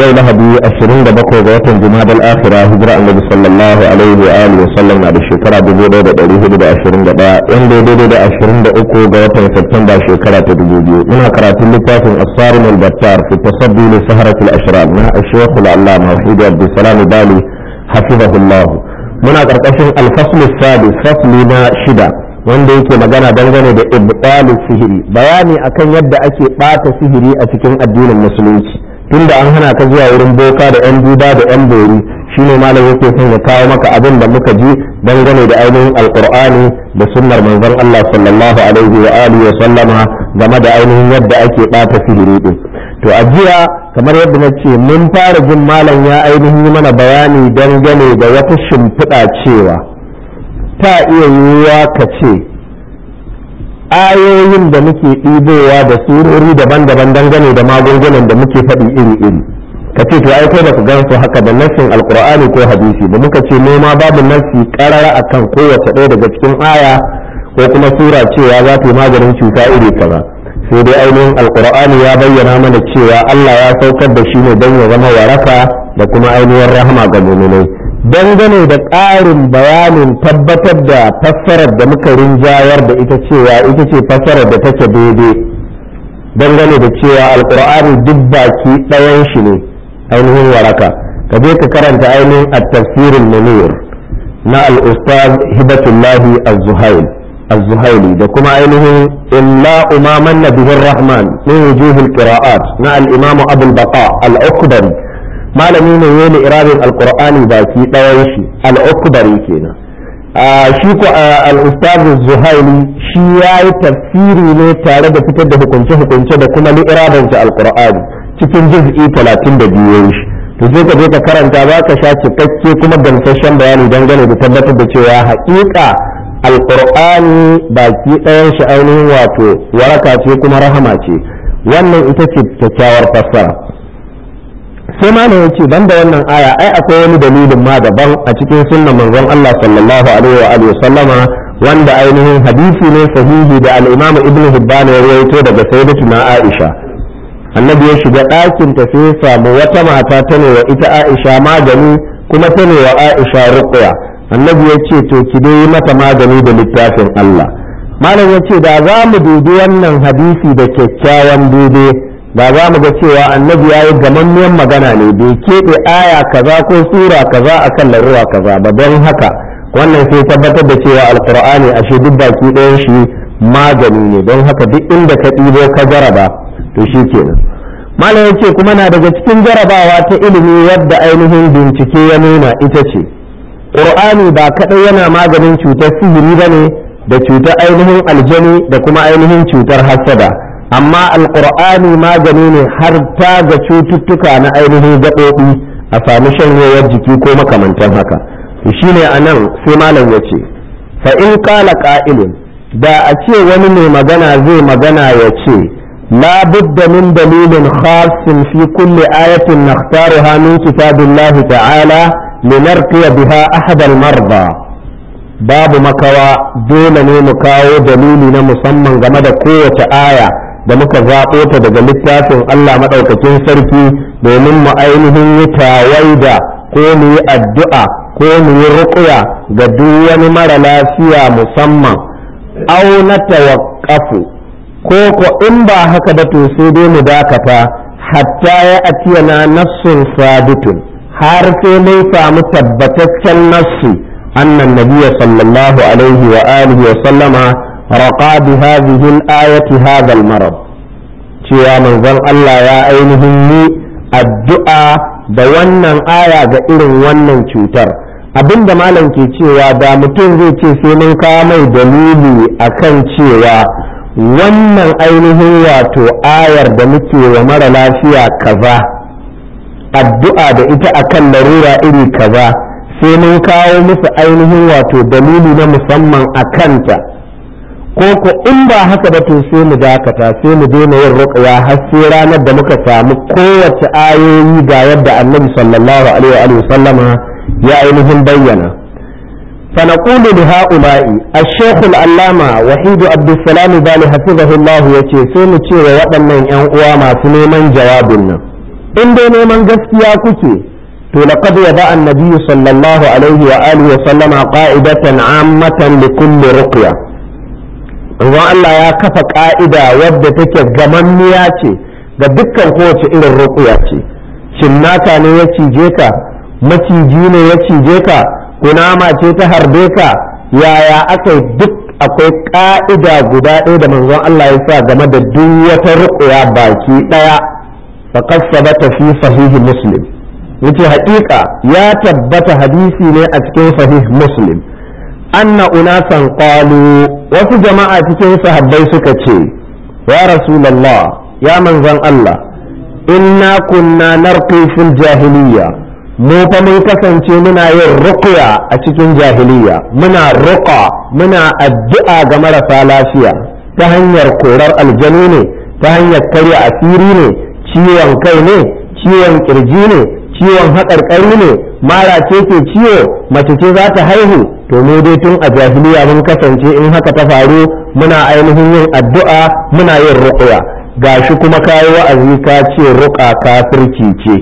yau lahadi 27 ga watan jumada al-akhira hijira annabi sallallahu alaihi wa alihi wa sallam na da shekara dubu da da da hudu ashirin 1421 yan daidai da uku ga watan Satumba shekara ta dubu biyu. muna karatun littafin asarin al-battar fi tasaddi li saharat al-ashrar na ash Allah al-allama wahid abdussalam bali hafizahullah muna karkashin al-fasl as-sadis fasli na shida wanda yake magana dangane da ibtalu sihiri bayani akan yadda ake bata sihiri a cikin addinin musulunci tunda an hana ka zuwa wurin boka da yan duba da yan bori shine malam yake son ya kawo maka abin da muka ji dangane da ainihin alqur'ani da sunnar manzon Allah sallallahu alaihi wa alihi wa sallama game da ainihin yadda ake bata sihiri din to a jiya kamar yadda na ce mun fara jin malam ya ainihin mana bayani dangane da wata shimfiɗa cewa ta iya yiwuwa ka ce ayoyin da muke ɗibowa da surori daban-daban dangane da magungunan da muke faɗi iri-iri ka ce to ai kai ku gan su haka da nassin alqur'ani ko hadisi ba muka ce noma babu nassi karara akan kowace ɗaya daga cikin aya ko kuma sura cewa za ta yi maganin cuta iri kaza sai dai ainihin alqur'ani ya bayyana mana cewa Allah ya saukar da shi ne don ya zama waraka da kuma ainihin rahama ga mu'minai dangane da ƙarin bayanin tabbatar da fassarar da muka rinjayar da ita cewa ita ce fassarar da take daidai dangane da cewa alkur'ani duk baki ɗayan shi ne ainihin waraka ka je ka karanta ainihin a tafsirin munir na al'ustaz hibatullahi az-zuhaili da kuma ainihin illa umaman na rahman min wujuhul qira'at na al-imamu abul baqa al-ukhdari malami ne ya yi irabin alqur'ani baki ɗayan shi al kenan shi ko al zuhaili shi yayi tafsiri ne tare da fitar da hukunce hukunce da kuma ni irabin cikin juz'i 32 da shi to je ka je ka karanta ba ka sha cikakke kuma gamsashen bayani dangane da tabbatar da cewa haƙiƙa alƙur'ani baki ɗayan shi ainihin wato waraka ce kuma rahama ce wannan ita ce kyakkyawar fassara sai malam yace ban da wannan aya ai akwai wani dalilin ma daban a cikin sunnan manzon Allah sallallahu alaihi wa alihi sallama wanda ainihin hadisi ne sahihi da al-Imam Ibn Hibban ya rawaito daga sayyidatuna Aisha annabi ya shiga ɗakin ta sai samu wata mata ta ne wa ita Aisha magani kuma ta ne wa Aisha ruqya annabi ya ce to ki dai mata magani da littafin Allah malam ya ce da za mu dubi wannan hadisi da kyakkyawan dubi ba za mu ga cewa annabi ya yi gamammiyar magana ne bai keɓe aya kaza ko sura kaza akan larura kaza ba don haka wannan sai tabbatar da cewa alkur'ani ashe duk baki ɗayan shi magani ne don haka duk inda ka ɗibo ka jaraba to shi kenan malam ya ce kuma na daga cikin jarabawa ta ilimi yadda ainihin bincike ya nuna ita ce ƙur'ani ba kaɗai yana maganin cutar sihiri ba ne da cutar ainihin aljani da kuma ainihin cutar hassada amma alkur'ani magani ne har ta ga cututtuka na ainihin gaɓoɓi a sami shanyewar jiki ko makamantan haka shine anan sai malam ya ce fa in qala qa'ilun da a ce wani mai magana zai magana ya ce labudda budda min dalilin khasin fi kulli ayatin nakhtaruha min kitabillahi ta'ala linarqiya biha ahadal al-marda babu makawa dole ne mu kawo dalili na musamman game da kowace aya da muka zaɓo ta daga littafin Allah maɗaukakin sarki domin mu ainihin yi tawaida ko mu yi addu'a ko mu yi ga duk wani mara lafiya musamman au na tawakkafu ko ko in ba haka da to sai dai mu dakata hatta ya na nafsun sabitun har sai mun samu tabbataccen nafsu annan nabiya sallallahu alaihi wa alihi wa sallama Raƙa bi hadhihi al-ayati hadha al-marad cewa manzon Allah ya ainihin yi addu'a da wannan aya ga irin wannan cutar abinda malam ke cewa da mutum zai ce sai mun kawo mai dalili akan cewa wannan ainihin wato ayar da muke wa mara lafiya kaza addu'a da ita akan larura iri kaza sai mun kawo musu ainihin wato dalili na musamman a kanta ko ko in ba haka ba to sai mu dakata sai mu daina yin ruqya har sai ranar da muka samu kowace ayoyi da yadda Annabi sallallahu alaihi wa sallama ya ainihin bayyana fa naqulu li ha'ula'i ash-shaykh al-allama wahid abdussalam bali hafizahu sai mu ce wa wadannan yan uwa masu neman jawabin nan in dai neman gaskiya kuke to laqad yada annabi sallallahu alaihi wa alihi wa sallama qa'idatan 'ammatan li kulli ruqya ruwan Allah ya kafa ka'ida wadda take gamanniya ce ga dukkan kowace irin rukuya ce shin nata ne ya cije ka maciji ne ya cije ka kunama ce ta harbe ka yaya aka duk akwai ka'ida guda ɗaya da manzon Allah ya sa game da duk wata rukuya baki ɗaya faqad sabata fi sahihi muslim yace haƙiƙa ya tabbata hadisi ne a cikin sahih muslim anna unasan qalu wasu jama'a cikin sahabbai suka ce ya rasulullah ya manzon Allah inna kunna narqi fil jahiliya mu fa mun kasance muna yin ruqya a cikin jahiliya muna ruqa muna addu'a ga marasa lafiya ta hanyar korar aljanu ne ta hanyar karya asiri ne ciwon kai ne ciwon kirji ne ciwon haƙarƙari ne mara ce ke ciwo mace ce za ta haihu to mu dai tun a jahiliya mun kasance in haka ta faru muna ainihin yin addu'a muna yin ruqya gashi kuma kai wa'azi ka ce ruqa kafirci ce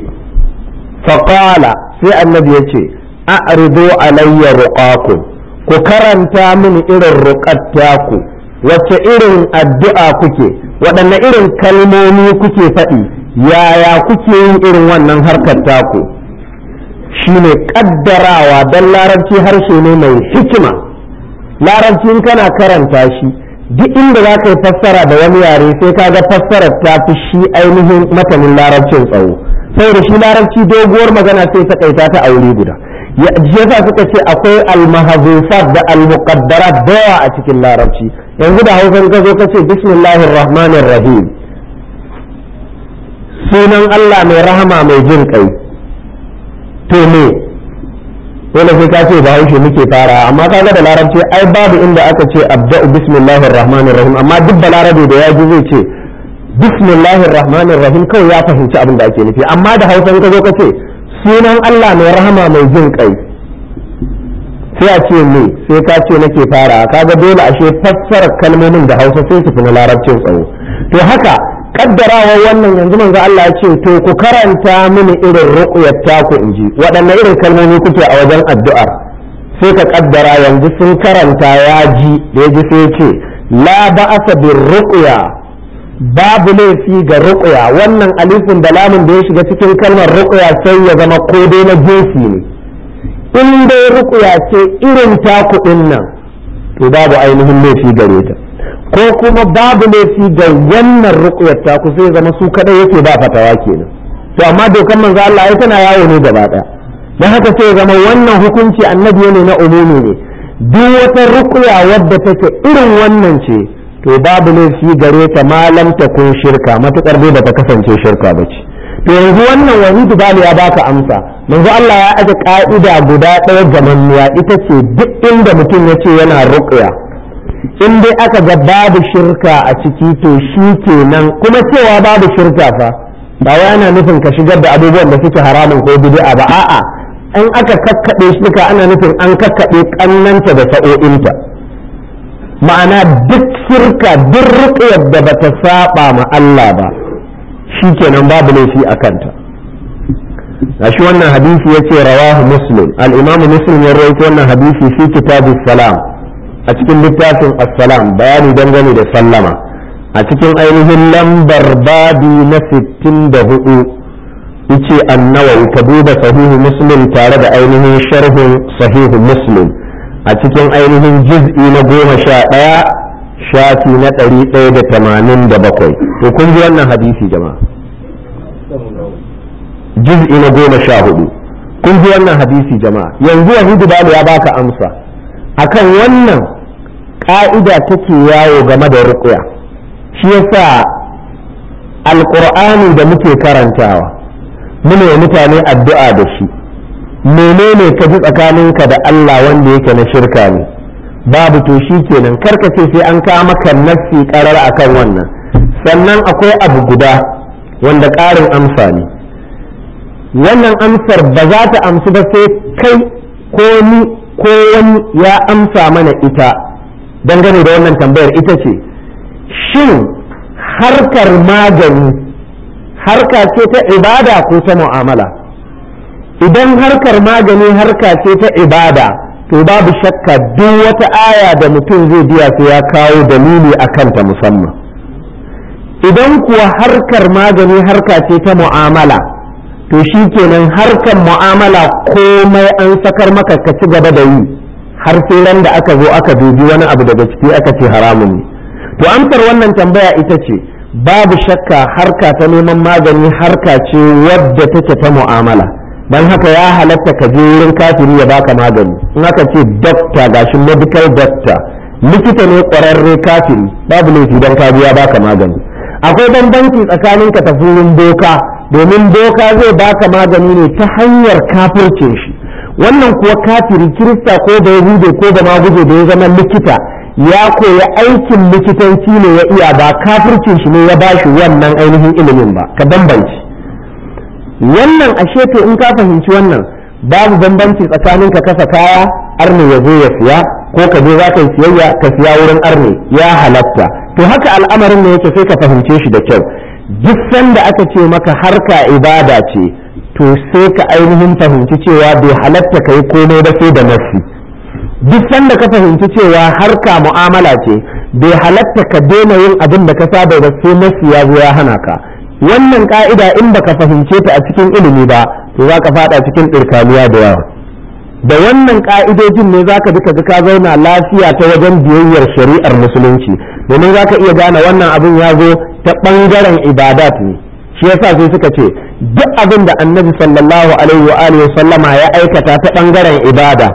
faqala sai annabi ya ce a'ridu alayya ruqaku ku karanta mini irin ruqatta ku wacce irin addu'a kuke waɗanne irin kalmomi kuke faɗi yaya kuke yin irin wannan harkar taku shine kaddarawa don larabci harshe ne mai hikima larabci in kana karanta shi duk inda za ka yi fassara da wani yare sai ka ga fassarar ta fi shi ainihin matanin larabcin tsawo saboda shi larabci doguwar magana sai ta kaita ta aure guda shi za suka ce akwai almahazufat da almuqaddarat bawa a cikin larabci yanzu da hausa ka zo ka ce bismillahir rahmanir rahim sunan Allah mai rahama mai jin kai to me dole sai ka ce bahaushe muke fara amma kaga da larabci ai babu inda aka ce abda'u bismillahir rahmanir rahim amma duk balarabe da ya ji zai ce bismillahir rahmanir rahim kawai ya fahimci abin da ake nufi amma da hausa ka zo ka ce sunan Allah mai rahama mai jin kai sai a ce me sai ka ce nake fara kaga dole ashe fassara kalmomin da hausa sai su fi na larabcin tsawo to haka kaddarawa wannan yanzu manzo Allah ya ce to ku karanta mini irin ruqyar taku inji waɗanne irin kalmomi kuke a wajen addu'a sai ka kaddara yanzu sun karanta ya ji da ya ji sai ce la ba'asa bir ruqya babu laifi ga ruqya wannan alifin da lamun da ya shiga cikin kalmar ruqya sai ya zama ko dai na jinsi ne in dai ruqya ce irin taku din nan to babu ainihin laifi gare ta ko kuma babu laifi da wannan rukuyar ta ku sai zama su kadai yake ba fatawa kenan to amma dokar manzo Allah ai tana yawo ne gaba daya dan haka sai zama wannan hukunci annabi ne na umumi ne duk wata rukuya wadda take irin wannan ce to babu laifi gare ta malam ta kun shirka matukar bai ta kasance shirka ba to yanzu wannan wani bali ya baka amsa manzo Allah ya aje ka'ida guda ɗaya manniya ita ce duk inda mutum ya ce yana ruqya in dai aka ga babu shirka a ciki to shi kenan kuma cewa babu shirka fa ba wai ana nufin ka shigar da abubuwan da suke haramun ko bid'a ba a'a in aka kakkaɓe shirka ana nufin an kakkaɓe kannanta da sa'o'inta ma'ana duk shirka duk ruqyar da bata saba ma Allah ba shi kenan babu laifi a kanta shi wannan hadisi yace rawahu muslim al-imam muslim ya rawaito wannan hadisi fi kitabus salam a cikin littafin assalam bayani dangane da sallama a cikin ainihin lambar babi na 64 yace annawawi ka duba sahihu muslim tare da ainihin sharhin sahihu muslim a cikin ainihin juz'i na goma sha ɗaya shafi na ɗari ɗaya da tamanin da bakwai to kun ji wannan hadisi jama'a juz'i na goma sha hudu kun ji wannan hadisi jama'a yanzu yahudu balu ya baka amsa akan wannan ka'ida take yawo game da ruqya shi yasa alqur'ani da muke karantawa mune mutane addu'a da shi menene ka ji tsakaninka da Allah wanda yake na shirka ne babu to shi kenan karka ce sai an kama maka nassi karar akan wannan sannan akwai abu guda wanda ƙarin amsa ne wannan amsar ba za ta amsu ba sai kai ko ni ko wani ya amsa mana ita dangane da wannan tambayar ita ce shin harkar magani harka ce ta ibada ko ta mu'amala idan harkar magani harka ce ta ibada to babu shakka duk wata aya da mutum zai biya sai ya kawo dalili a kanta musamman idan kuwa harkar magani harka ce ta mu'amala to shi kenan harkar mu'amala komai an sakar maka ka ci gaba da yi har sai ran da aka zo aka dubi wani abu daga ciki aka ce haramun ne to amsar wannan tambaya ita ce babu shakka harka ta neman magani harka ce wadda take ta mu'amala don haka ya halatta ka je wurin kafiri ya baka magani in aka ce dokta gashi medical doctor likita ne kwararre kafiri babu laifi don ka ya baka magani akwai bambanci tsakanin ka tafi wurin doka domin doka zai baka magani ne ta hanyar kafircin shi wannan kuwa kafiri kirista ko da yahude ko da maguje da ya zama likita ya koya aikin likitanci ne ya iya ba kafircin shi ne ya ba shi wannan ainihin ilimin ba ka bambanci wannan ashe to in ka fahimci wannan babu bambanci tsakanin ka kasa kaya arne ya zo ya siya ko ka je za ka yi siyayya ka siya wurin arne ya halatta to haka al'amarin ne yake sai ka fahimce shi da kyau duk sanda aka ce maka harka ibada ce to sai ka ainihin fahimci cewa bai halatta kai komai ba sai da nafsi duk sanda ka fahimci cewa harka mu'amala ce bai halatta ka daina yin abin da ka saba ba sai nafsi ya zo ya hana ka wannan ka'ida in baka fahimce ta a cikin ilimi ba to za ka fada cikin ɗirkaniya da yawa da wannan ka'idojin ne za ka bi ka ka zauna lafiya ta wajen biyayyar shari'ar musulunci domin za ka iya gane wannan abin ya zo ta ɓangaren ibadat ne shi yasa sai suka ce duk abin da annabi sallallahu alaihi wa alihi sallama ya aikata ta bangaren ibada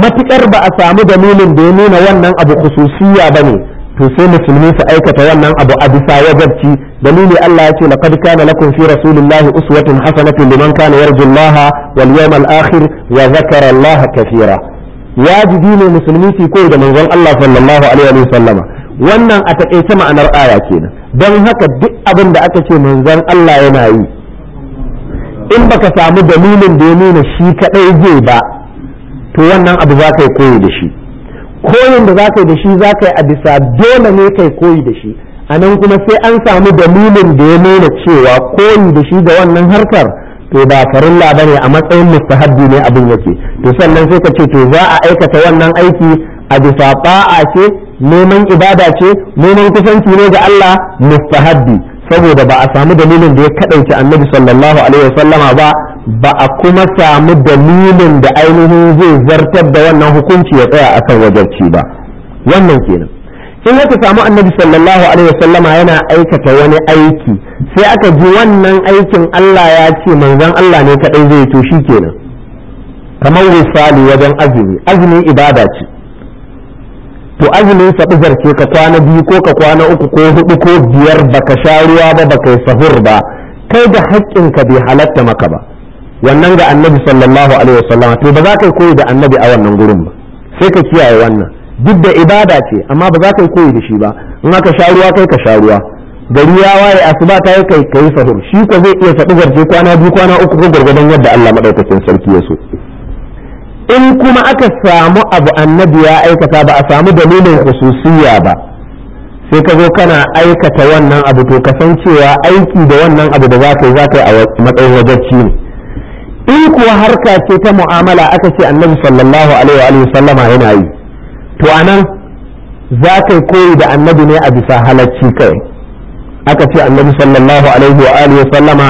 matukar ba a samu dalilin da ya nuna wannan abu khususiyya bane to sai musulmi su aikata wannan abu a bisa wajabci dalili Allah ya ce laqad kana lakum fi rasulillahi uswatun hasanatun liman kana yarju Allah wal yawmal akhir wa dhakara Allah kathira wajibi ne musulmi su koyi da manzon Allah sallallahu alaihi wa sallama wannan a taƙaice ma'anar aya kenan don haka duk abin da aka ce manzon Allah yana yi in baka samu dalilin da ya nuna shi kaɗai zai ba to wannan abu za ka yi koyi da shi koyin da za ka yi da shi za ka yi a bisa dole ne kai koyi da shi a nan kuma sai an samu dalilin da ya nuna cewa koyi da shi da wannan harkar to ba farilla ne a matsayin mustahabbi ne abin yake to sannan sai ka ce to za a aikata wannan aiki a bisa ba'a ce neman ibada ce neman kusanci ne ga Allah mustahabbi saboda ba a samu dalilin da ya kadaice annabi sallallahu alaihi wasallama ba ba a kuma samu dalilin da ainihin zai zartar da wannan hukunci ya tsaya akan kan wajarci ba wannan kenan in aka samu annabi sallallahu alaihi wasallama yana aikata wani aiki sai aka ji wannan aikin Allah ya ce manzon Allah ne kadai zai to kenan kamar misali wajen azumi azumi ibada ce to azumin saɓizar ce ka kwana biyu ko ka kwana uku ko hudu ko biyar baka sha ruwa ba baka yi sahur ba kai da ka bai halatta maka ba wannan ga annabi sallallahu alaihi wasallam to ba za ka yi koyi da annabi a wannan gurin ba sai ka kiyaye wannan duk da ibada ce amma ba za ka yi koyi da shi ba in aka sha ruwa kai ka sha ruwa gari ya waye asuba ta yi kai kai sahur shi ko zai iya faɗi garje kwana biyu kwana uku ko gargadan yadda Allah madaukakin sarki ya so in kuma aka samu abu annabi ya aikata ba a samu dalilin khususiyya ba sai ka zo kana aikata wannan abu to ka san cewa aiki da wannan abu da za ka yi za ka yi a matsayin wajacci ne in kuwa harka ce ta mu'amala aka ce annabi sallallahu alaihi wa sallama yana yi to anan za ka yi koyi da annabi ne a bisa halacci kai aka ce annabi sallallahu alaihi wa sallama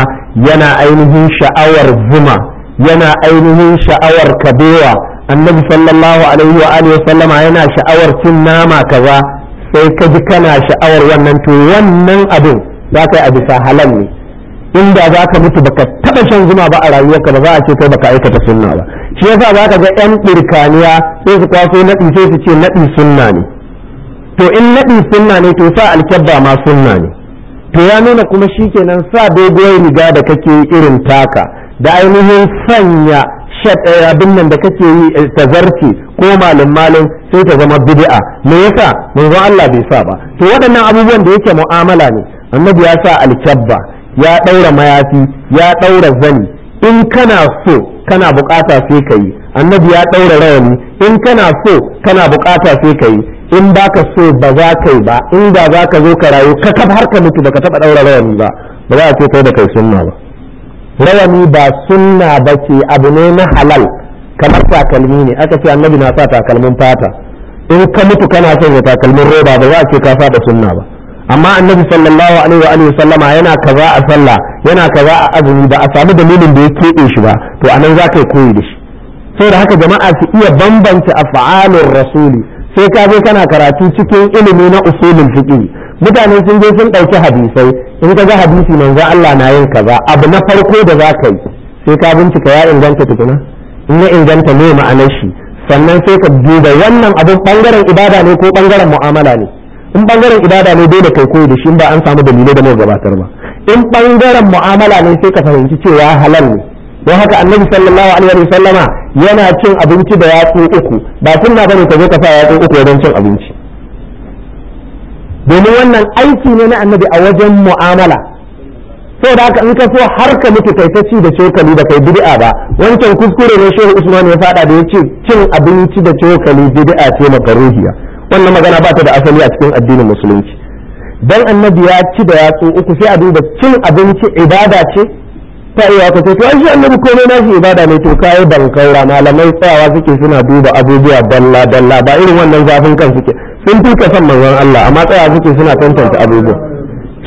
yana ainihin sha'awar zuma yana ainihin sha'awar kabewa annabi sallallahu alaihi wa alihi sallama yana sha'awar cin nama kaza sai kaji kana sha'awar wannan to wannan abin za ka yi a bisa halal ne inda za ka mutu baka taba shan zuma ba a rayuwarka ba za a ce kai baka aikata sunna ba shi yasa za ka ga yan birkaniya sai su kwaso naɗi sai su ce naɗi sunna ne to in naɗi sunna ne to sa alkabba ma sunna ne to ya nuna kuma shikenan sa doguwar riga da kake irin taka da ainihin sanya eh, abin nan da kake yi eh, ta zarce ko malin malin sai ta zama bid'a me yasa manzon Allah bai sa ba to waɗannan abubuwan da yake mu'amala ne annabi ya sa alkyabba ya ɗaura mayafi ya ɗaura zani in kana so kana bukata sai ka yi annabi ya ɗaura rawani in kana so kana bukata sai ka yi in baka so ba za ka yi ba in da za ka zo ka rayu ka har ka mutu ka taɓa ɗaura rawani ba ba za a ce kai da kai sunna ba rawani ba sunna ba ce abu ne na halal kamar takalmi ne aka ce annabi na sa takalmin fata in ka mutu kana son ya takalmin roba ba za a ce ka da sunna ba amma annabi sallallahu alaihi wa alihi sallama yana kaza a sallah yana kaza a azumi ba a samu dalilin da ya keɓe shi ba to anan za ka yi koyi da shi da haka jama'a su iya bambance af'alur rasuli sai ka je kana karatu cikin ilimi na usulul fiqh mutane sun je sun ɗauki hadisai in ka ga hadisi manzo Allah na yin kaza abu na farko da za ka yi sai ka bincika ya inganta tukuna in ya inganta ne ma'anar shi sannan sai ka duba wannan abin bangaren ibada ne ko bangaren mu'amala ne in bangaren ibada ne dole kai koyi da shi ba an samu dalilai da mai gabatar ba in bangaren mu'amala ne sai ka fahimci cewa halal ne don haka annabi sallallahu alaihi wa sallama yana cin abinci da yatsu uku ba sunna bane ka zo ka sa yatsu uku wajen cin abinci domin wannan aiki ne na annabi a wajen mu'amala da haka in ka so har ka mutu kai ta ci da cokali da kai bid'a ba wancan kuskure ne shehu usman ya fada da ya ce cin abinci da cokali bid'a ce makaruhiya wannan magana ba ta da asali a cikin addinin musulunci dan annabi ya ci da yatsu uku sai a duba cin abinci ibada ce ta iya ka ce to shi annabi komai na shi ibada ne to kai bankaura malamai tsayawa suke suna duba abubuwa dalla dalla ba irin wannan zafin kan suke sun duka ka son manzon Allah amma tsaya suke suna tantance abubuwan.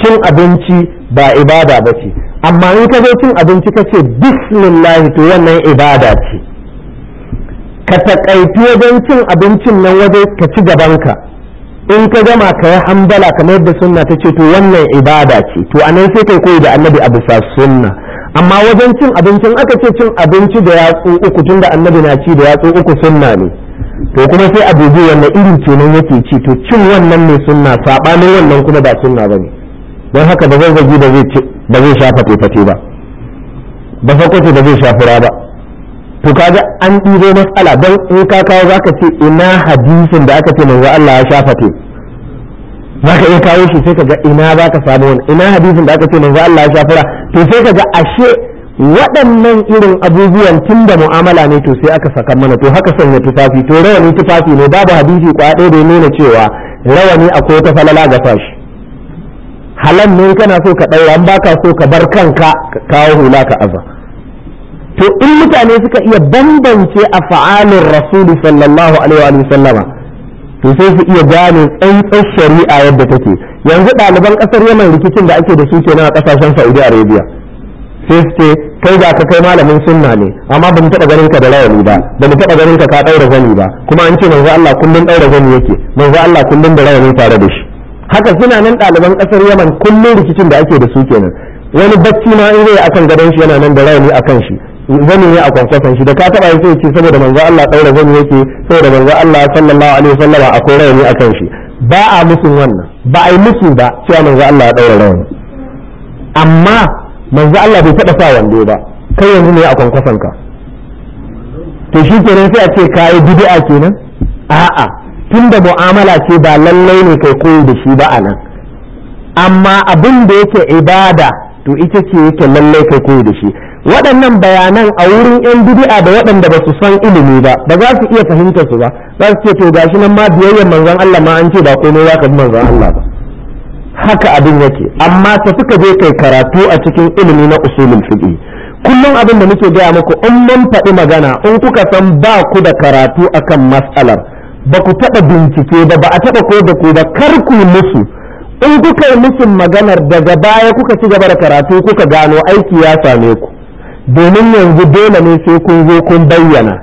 cin abinci ba ibada ba ce amma in ka zo cin abinci ka ce bismillah to wannan ibada ce ka taƙaitu wajen cin abincin nan waje ka ci gabanka in ka gama ka yi hambala kamar yadda sunna ta ce to wannan ibada ce to anan sai kai koyi da annabi a bisa sunna amma wajen cin abincin aka ce cin abinci da yatsu uku tunda annabi na ci da yatsu uku sunna ne to kuma sai a dubi wannan irin kenan yake ci to cin wannan ne sunna sabanin wannan kuma ba sunna bane don haka ba zai gaji da zai ba zai shafa fate fate ba ba sakwace da zai shafura ba to kaga an ɗibo matsala don in ka kawo zaka ce ina hadisin da aka ce manzo Allah ya sha fate zaka iya kawo shi sai kaga ina zaka samu wani ina hadisin da aka ce manzo Allah ya shafura to sai kaga ashe waɗannan irin abubuwan tun da mu'amala ne to sai aka saka mana to haka sanya tufafi to rawani tufafi ne babu hadisi kwa ɗaya da nuna cewa rawani akwai ta falala ga fashi halan ne kana so ka ɗaura an baka so ka bar kanka ka kawo hula ka aza to in mutane suka iya bambance a fa'alin rasulu sallallahu alaihi wa sallama to sai su iya gane tsantsar shari'a yadda take yanzu ɗaliban ƙasar yaman rikicin da ake da su kenan a ƙasashen saudi arabia sai kai ga ka kai malamin sunna ne amma ba mu taɓa ganin ka da rawani ba ba mu taɓa ganin ka ka ɗaura zani ba kuma an ce manzo Allah kullum ɗaura zani yake manzo Allah kullum da rawani tare da shi haka suna nan ɗaliban ƙasar Yaman kullum rikicin da ake da su kenan wani bacci ma in zai akan gadon shi yana nan da rawani akan shi zani ne a kwankwasan shi da ka taɓa yake ce saboda manzo Allah ɗaura zani yake saboda manzo Allah sallallahu alaihi wasallam akwai rawani akan shi ba a musu wannan ba a yi musu ba cewa manzo Allah ya ɗaura rawani amma manzo Allah bai taɓa sa wando ba kai yanzu ne a kwankwasan ka to shi kenan sai a ce kayi bid'a kenan a'a tunda mu'amala ce ba lallai ne kai koyi da shi ba a amma abin da yake ibada to ita ce yake lallai kai koyi da shi waɗannan bayanan a wurin 'yan bid'a da waɗanda ba su san ilimi ba ba za su iya fahimtar su ba za su ce to gashi nan ma biyayyar manzon Allah ma an ce ba komai za ka bi manzon Allah ba haka abin yake amma ta suka je kai karatu a cikin ilimi na usulul fiɗi kullum abin da muke gaya muku in mun faɗi magana in kuka san ba ku da karatu akan mas'alar ba ku taɓa bincike ba ba a taɓa ko da ku ba kar ku musu in kuka yi musu maganar daga baya kuka ci gaba da karatu kuka gano aiki ya same ku domin yanzu dole ne sai kun zo kun bayyana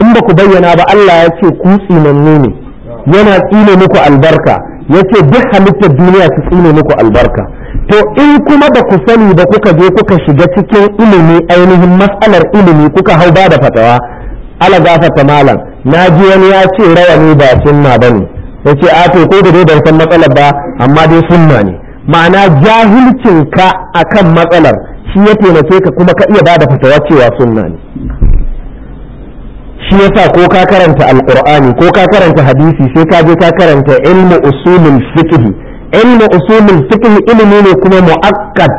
in ba ku bayyana ba Allah ya ce ku tsinannu ne yana tsine muku albarka yace duk halittar duniya su tsine muku albarka to in kuma ba ku sani ba kuka je kuka shiga cikin ilimi ainihin matsalar ilimi kuka hau ba da fatawa ala gafata malam na ji wani ya ce rawani ba sunna ba ne ya ce a to ko da dai ban san matsalar ba amma dai sunna ne ma'ana jahilcin ka akan matsalar shi ya taimake ka kuma ka iya ba da fatawa cewa sunna ne shi yasa ko ka karanta alqur'ani ko ka karanta hadisi sai ka je ka karanta ilmu usulul fiqh ilmu usulul fiqh ilimi ne kuma muakkad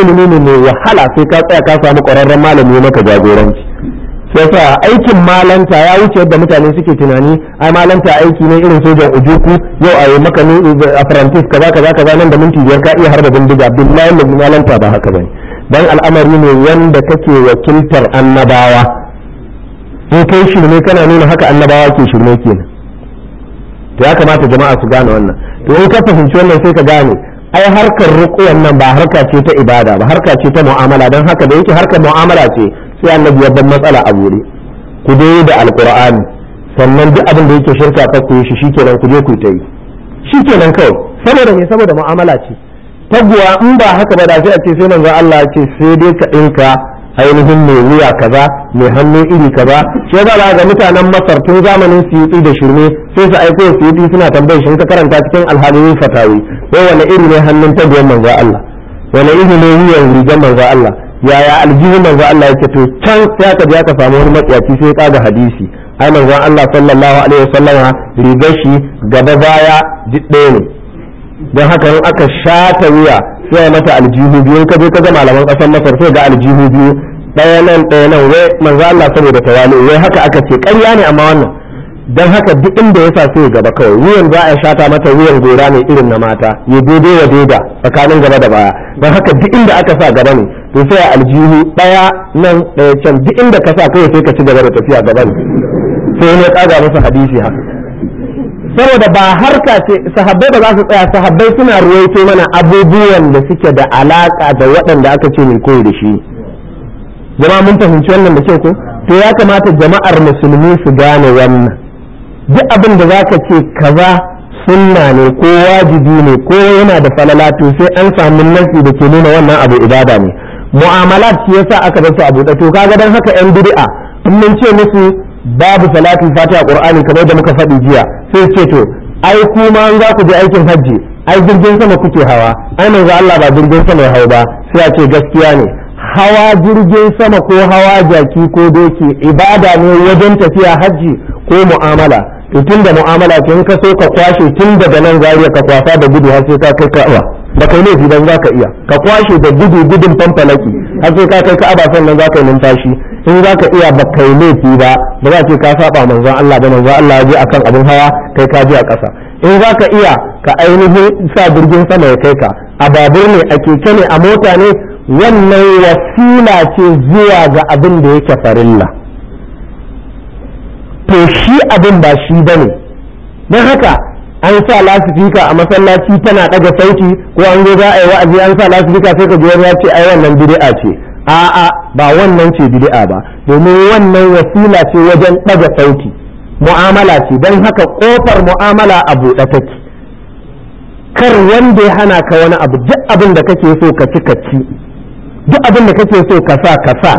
ilimi ne mai wahala sai ka tsaya ka samu ƙwararren malami maka jagoranci yasa aikin malanta ya wuce yadda mutane suke tunani ai malanta aiki ne irin sojan ujuku yau a yi maka ne eh, apprentice kaza kaza kaza nan da minti biyar ka iya harba bindiga billahi malanta ba haka bane dan al'amari ne wanda kake wakiltar annabawa ko kai shirme kana nuna haka annabawa ke shirme kenan to ya kamata jama'a su gane wannan to in ka fahimci wannan sai ka gane ai harkar rukuwan nan ba harka ce ta ibada ba harka ce ta mu'amala don haka da yake harkar mu'amala ce sai annabi ya ban matsala a wuri ku je da alqur'ani sannan duk abin da yake shirka ka ku yi shi shikenan ku je ku ta yi shikenan kawai saboda me saboda mu'amala ce taguwa in ba haka ba da sai a ce sai manzo Allah ya ce sai dai ka dinka ainihin mai wuya kaza mai hannu iri kaza shi yasa ga mutanen masar tun zamanin suyuti da shirme sai su aiko siyuti suna tambayar shi ka karanta cikin alhalin fatawi ko wani iri ne hannun tabiyan manzo Allah wani iri ne wuyan rigar manzo Allah yaya aljihu manzo Allah yake to can sai ka ka samu wani matsayaci sai ka ga hadisi ai manzo Allah sallallahu alaihi wasallam rigar shi gaba baya duk ɗaya ne don haka in aka shata wuya sai mata aljihu biyu ka je ka ga malaman kasar masar sai ga aljihu biyu ɗaya nan ɗaya nan wai manzo Allah saboda tawali wai haka aka ce ƙarya ne amma wannan don haka duk inda ya sa sai gaba kawai wuyan za a shata mata wuyan gora ne irin na mata ya daidai wa daida tsakanin gaba da baya don haka duk inda aka sa gaba ne to sai aljihu ɗaya nan ɗaya can duk inda ka sa kawai sai ka ci gaba da tafiya gaba ne sai ne tsaga masa hadisi haka saboda ba harka ce sahabbai ba za su tsaya sahabbai suna ruwaito mana abubuwan da suke da alaka da waɗanda aka ce mai koyi da shi jama'a mun fahimci wannan da kyau ko to ya kamata jama'ar musulmi su gane wannan duk abin da za ka ce kaza sunna ne ko wajibi ne ko yana da falala to sai an samu nasi da ke nuna wannan abu ibada ne mu'amalat shi yasa aka bar abu da to kaga dan haka yan bid'a in mun ce musu babu salatin fatiha qur'ani kamar da muka faɗi jiya sai ce to ai kuma an za ku je aikin hajji ai jirgin sama kuke hawa ai manzo Allah ba jirgin sama ya hau ba sai a ce gaskiya ne hawa jirgin sama ko hawa jaki ko doki ibada ne wajen tafiya hajji ko mu'amala to tunda mu'amala in ka so ka kwashe tun daga nan zariya ka kwasa da gudu har sai ka kai kawa. ba kai laifi za ka iya ka kwashe da gudu gudun fanfalaki a ce ka kai ka'aba sannan zaka yi numfashi in za ka iya ba kai laifi ba ba za ce ka saba manzon Allah ba manzon Allah ya je akan abin hawa kai ka je a ƙasa in za ka iya ka ainihin sa jirgin sama ya kai ka a babur ne a keke ne a mota ne wannan wasila ce zuwa ga abin da yake farilla to shi abin ba shi bane don haka an sa lasifika a masallaci tana daga sauti ko an zo za a yi wa'azi an sa lasifika sai ka ya ce ai wannan bid'a ce a'a ba wannan ce bid'a ba domin wannan wasila ce wajen daga sauti mu'amala ce don haka kofar mu'amala a buɗe take kar wanda ya hana ka wani abu duk abin da kake so ka ci ka ci duk abin da kake so ka sa ka sa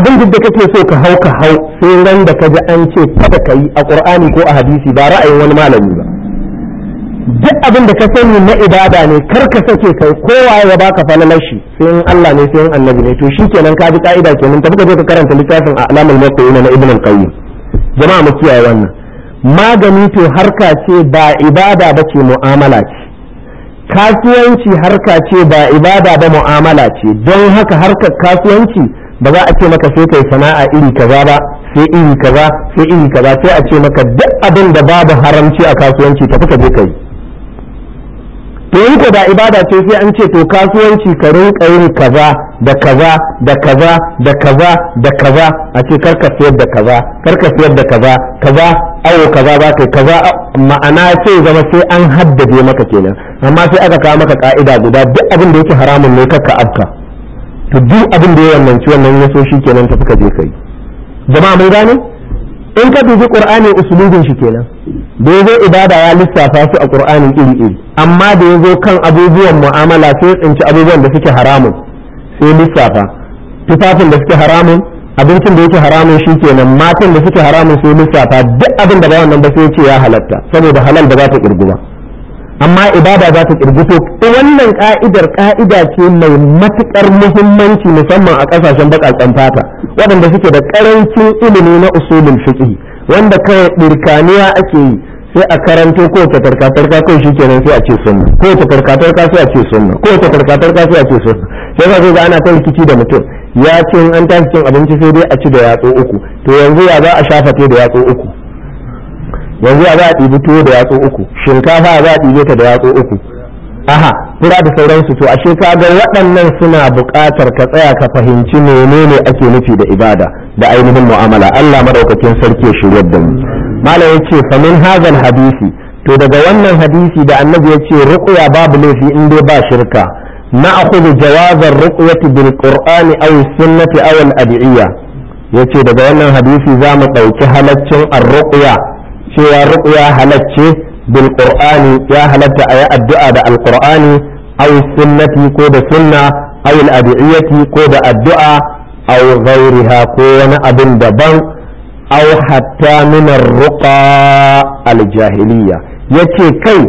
abin duk da kake so ka hau ka hau sai ran da ka ji an ce kada ka yi a qur'ani ko a hadisi ba ra'ayin wani malami ba duk abin da ka sani na ibada ne kar ka sake kai kowa ya baka falalar shi sai in Allah ne sai in annabi ne to shikenan ka bi ka'ida kenan tafi ka je ka karanta littafin alamul muqtayyin na ibn qayyim jama'a mu kiyaye wannan magani to harka ce ba ibada ba ce mu'amala ce kasuwanci harka ce ba ibada ba mu'amala ce don haka harka kasuwanci ba za a ce maka sai kai sana'a iri kaza ba sai iri kaza sai iri kaza sai a ce maka duk abin da babu haramci a kasuwanci tafi ka je kai to yi ko da ibada ce sai an ce to kasuwanci ka rinka yin kaza da kaza da kaza da kaza da kaza a ce karka siyar da kaza karka siyar da kaza kaza awo kaza za ka kaza ma'ana ce zama sai an haddade maka kenan amma sai aka kawo maka ka'ida guda duk abin da yake haramun ne ka abka to duk abin da ya wannan ci wannan yaso shi kenan tafi ka je kai jama'a mun gane in ka dubi qur'ani usulubin shi kenan da yazo ibada ya lissafa su a qur'anin iri iri amma da yazo kan abubuwan mu'amala sai tsinci abubuwan da suke haramun sai lissafa tufafin da suke haramun abincin da yake haramun shi kenan matan da suke haramun sai lissafa duk abin da ba wannan ba sai ce ya halatta saboda halal da za ta kirgu ba amma ibada za ta kirgito wannan ka'idar ka'ida ce mai matukar muhimmanci musamman a kasashen baƙaƙen fata waɗanda suke da ƙarancin ilimi na usulul fiqh wanda kawai birkaniya ake yi sai a karanto ko ta tarkatarka ko shi kenan sai a ce sunna ko ta tarkatarka sai a ce sunna ko ta tarkatarka sai a ce sunna sai ka ga ana ta rikici da mutum ya ce an tashi cin abinci sai dai a ci da yatsu uku to yanzu ya za a shafa da yatsu uku yanzu a za a ɗibi tuwo da yatsu uku shinkafa a za a ɗibe ta da yatsu uku aha fura da sauransu to ashe ka ga waɗannan suna buƙatar ka tsaya ka fahimci menene ake nufi da ibada da ainihin mu'amala Allah madaukakin sarki ya shiryar da mu malam yace fa min hadhal hadisi to daga wannan hadisi da annabi yace ruqya babu laifi in dai ba shirka na jawaz ar-ruqyati bil qur'ani aw sunnati aw al-ad'iyya yace daga wannan hadisi mu ɗauki halaccin ar-ruqya cewa ya halacce bil qur'ani ya halatta yi addu'a da alqur'ani aw sunnati ko da sunna aw al adiyati ko da addu'a aw ko wani abin daban aw hatta min ruqa al jahiliya yace kai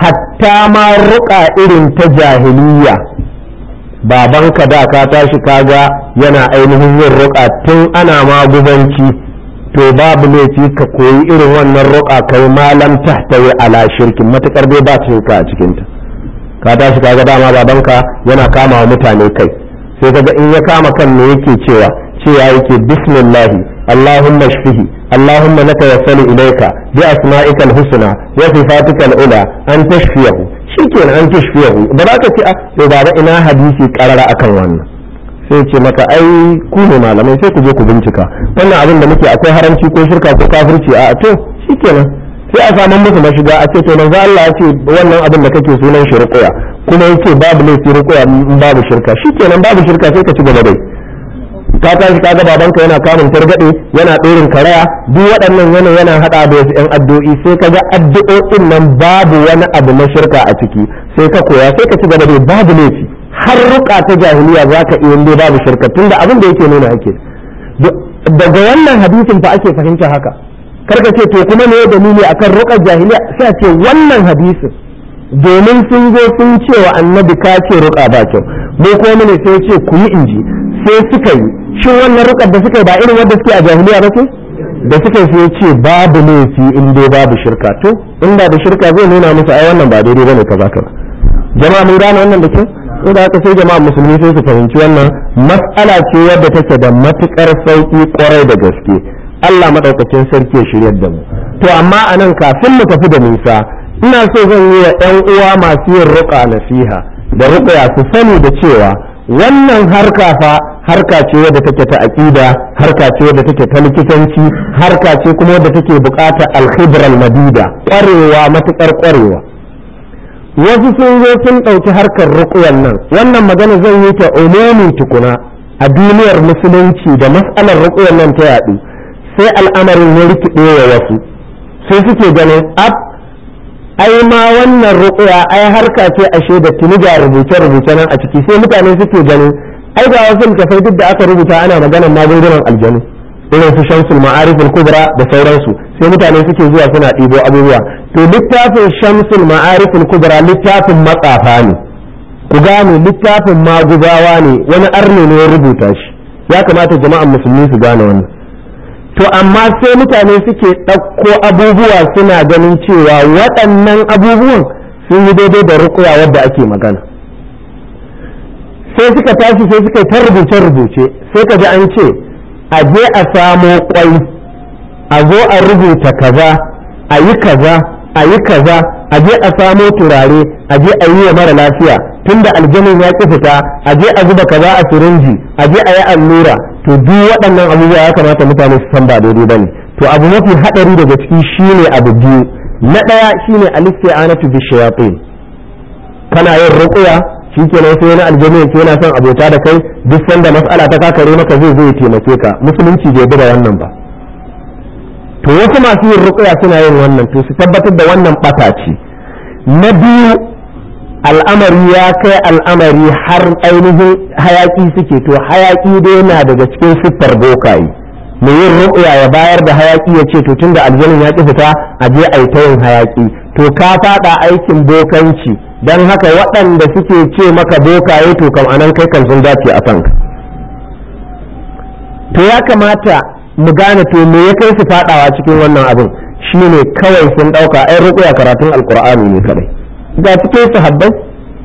hatta ma ruqa irin ta jahiliya babanka da ka tashi kaga yana ainihin yin ruqa tun ana magubanci to babu laifi ka koyi irin wannan roƙa kai malam tahtawi ala shirkin matukar bai ba shirka a cikinta ka tashi ka ga dama babanka yana kama wa mutane kai sai kaga in ya kama kan me yake cewa cewa yake bismillahi allahumma shfihi allahumma laka wasalu ilayka bi asma'ikal husna wa sifatikal ula an tashfiyahu shikenan an tashfiyahu ba za ka ce a ah, to baba ina hadisi karara akan wannan sai ce maka ai ku ne malamai sai ku je ku bincika wannan abin da muke akwai haramci ko shirka ko kafirci a to shikenan sai a samu musu mashiga a ce to manzo Allah ya ce wannan abin da kake sunan shi ruqya kuma yace babu laifi ruqya babu shirka shikenan babu shirka sai ka ci gaba dai ka tashi ka ga babanka yana kamun targaɗe yana ɗorin karaya duk waɗannan yana yana haɗa da wasu 'yan addu'o'i sai ka ga addu'o'in nan babu wani abu na shirka a ciki sai ka koya sai ka ci gaba da babu laifi har ruka ta jahiliya za ka iya ne babu shirka tunda abin da yake nuna hake daga wannan hadisin fa ake fahimta haka karka ce to kuma ne da dalili akan ruka jahiliya sai ce wannan hadisin domin sun zo sun ce wa annabi ka ce ruka ba kyau mu ko ne sai ce ku yi inji sai suka yi shin wannan rukar da suka yi ba irin wanda suke a jahiliya ba ce da suka yi sai ce babu laifi in dai babu shirka to in da shirka zai nuna musu ai wannan ba daidai bane kaza kaza jama'a mun gane wannan da kyau in da aka sai jama'a musulmi sai su fahimci wannan matsala ce wadda take da matukar sauki kwarai da gaske Allah madaukakin sarki ya shiryar da mu to amma anan kafin mu tafi da nisa ina so zan yi wa ɗan uwa masu yin ruka nasiha da ruqya su sani da cewa wannan harka fa harka ce wadda take ta aqida harka ce wadda take ta likitanci harka ce kuma wadda take buƙatar al-khibra al-madida kwarewa matukar kwarewa wasu sun zo sun ɗauki harkar rukuwan nan wannan magana zan yi ta umumin tukuna a duniyar musulunci da matsalar rukuwan nan ta yaɗu sai al'amarin ya rikide wa wasu sai suke ganin ab ai ma wannan rukuwa ai harka ce ashe da tuni ga rubuce-rubuce nan a ciki sai mutane suke ganin ai ga wasu littafai duk da aka rubuta ana maganar magungunan aljanu irin su shamsul ma'arifin kubra da sauransu sai mutane suke zuwa suna ɗibo abubuwa to littafin shamsul ma'arifin kubra littafin matsafa ne ku gane littafin maguzawa ne wani arne ne ya rubuta shi ya kamata jama'an musulmi su gane wannan to amma sai mutane suke ɗauko abubuwa suna ganin cewa waɗannan abubuwan sun yi daidai da rukuwa wadda ake magana sai suka tashi sai suka yi ta rubuce-rubuce sai ka ji an ce a je a samo kwai a zo a rubuta kaza a yi kaza a yi kaza a je a samo turare a je a yi wa mara lafiya tunda aljanin ya ki fita a je a zuba kaza a sirinji a je a yi allura to duk waɗannan abubuwa ya kamata mutane su san ba daidai bane to abu mafi haɗari daga ciki shine abu biyu na ɗaya shine ana bi shayatin kana yin rukuya shi kenan sai na aljanu ya yana son abota da kai duk sanda mas'ala ta kakare maka zai zo ya taimake ka musulunci bai bi da wannan ba to wasu masu yin ruqya suna yin wannan to su tabbatar da wannan bata ce na biyu al'amari ya kai al'amari har ainihin hayaki suke to hayaki dai na daga cikin siffar bokaye mai yin ruqya ya bayar da hayaki ya ce to tunda aljanun ya ki fita a je a yi hayaki to ka fada aikin bokanci don haka waɗanda suke ce maka bokaye to kam anan kai kan sun dace a kanka to ya kamata mu gane to me ya kai su fadawa cikin wannan abin shine kawai sun dauka ai rukuya karatun alqur'ani ne kadai ga cikin sahabbai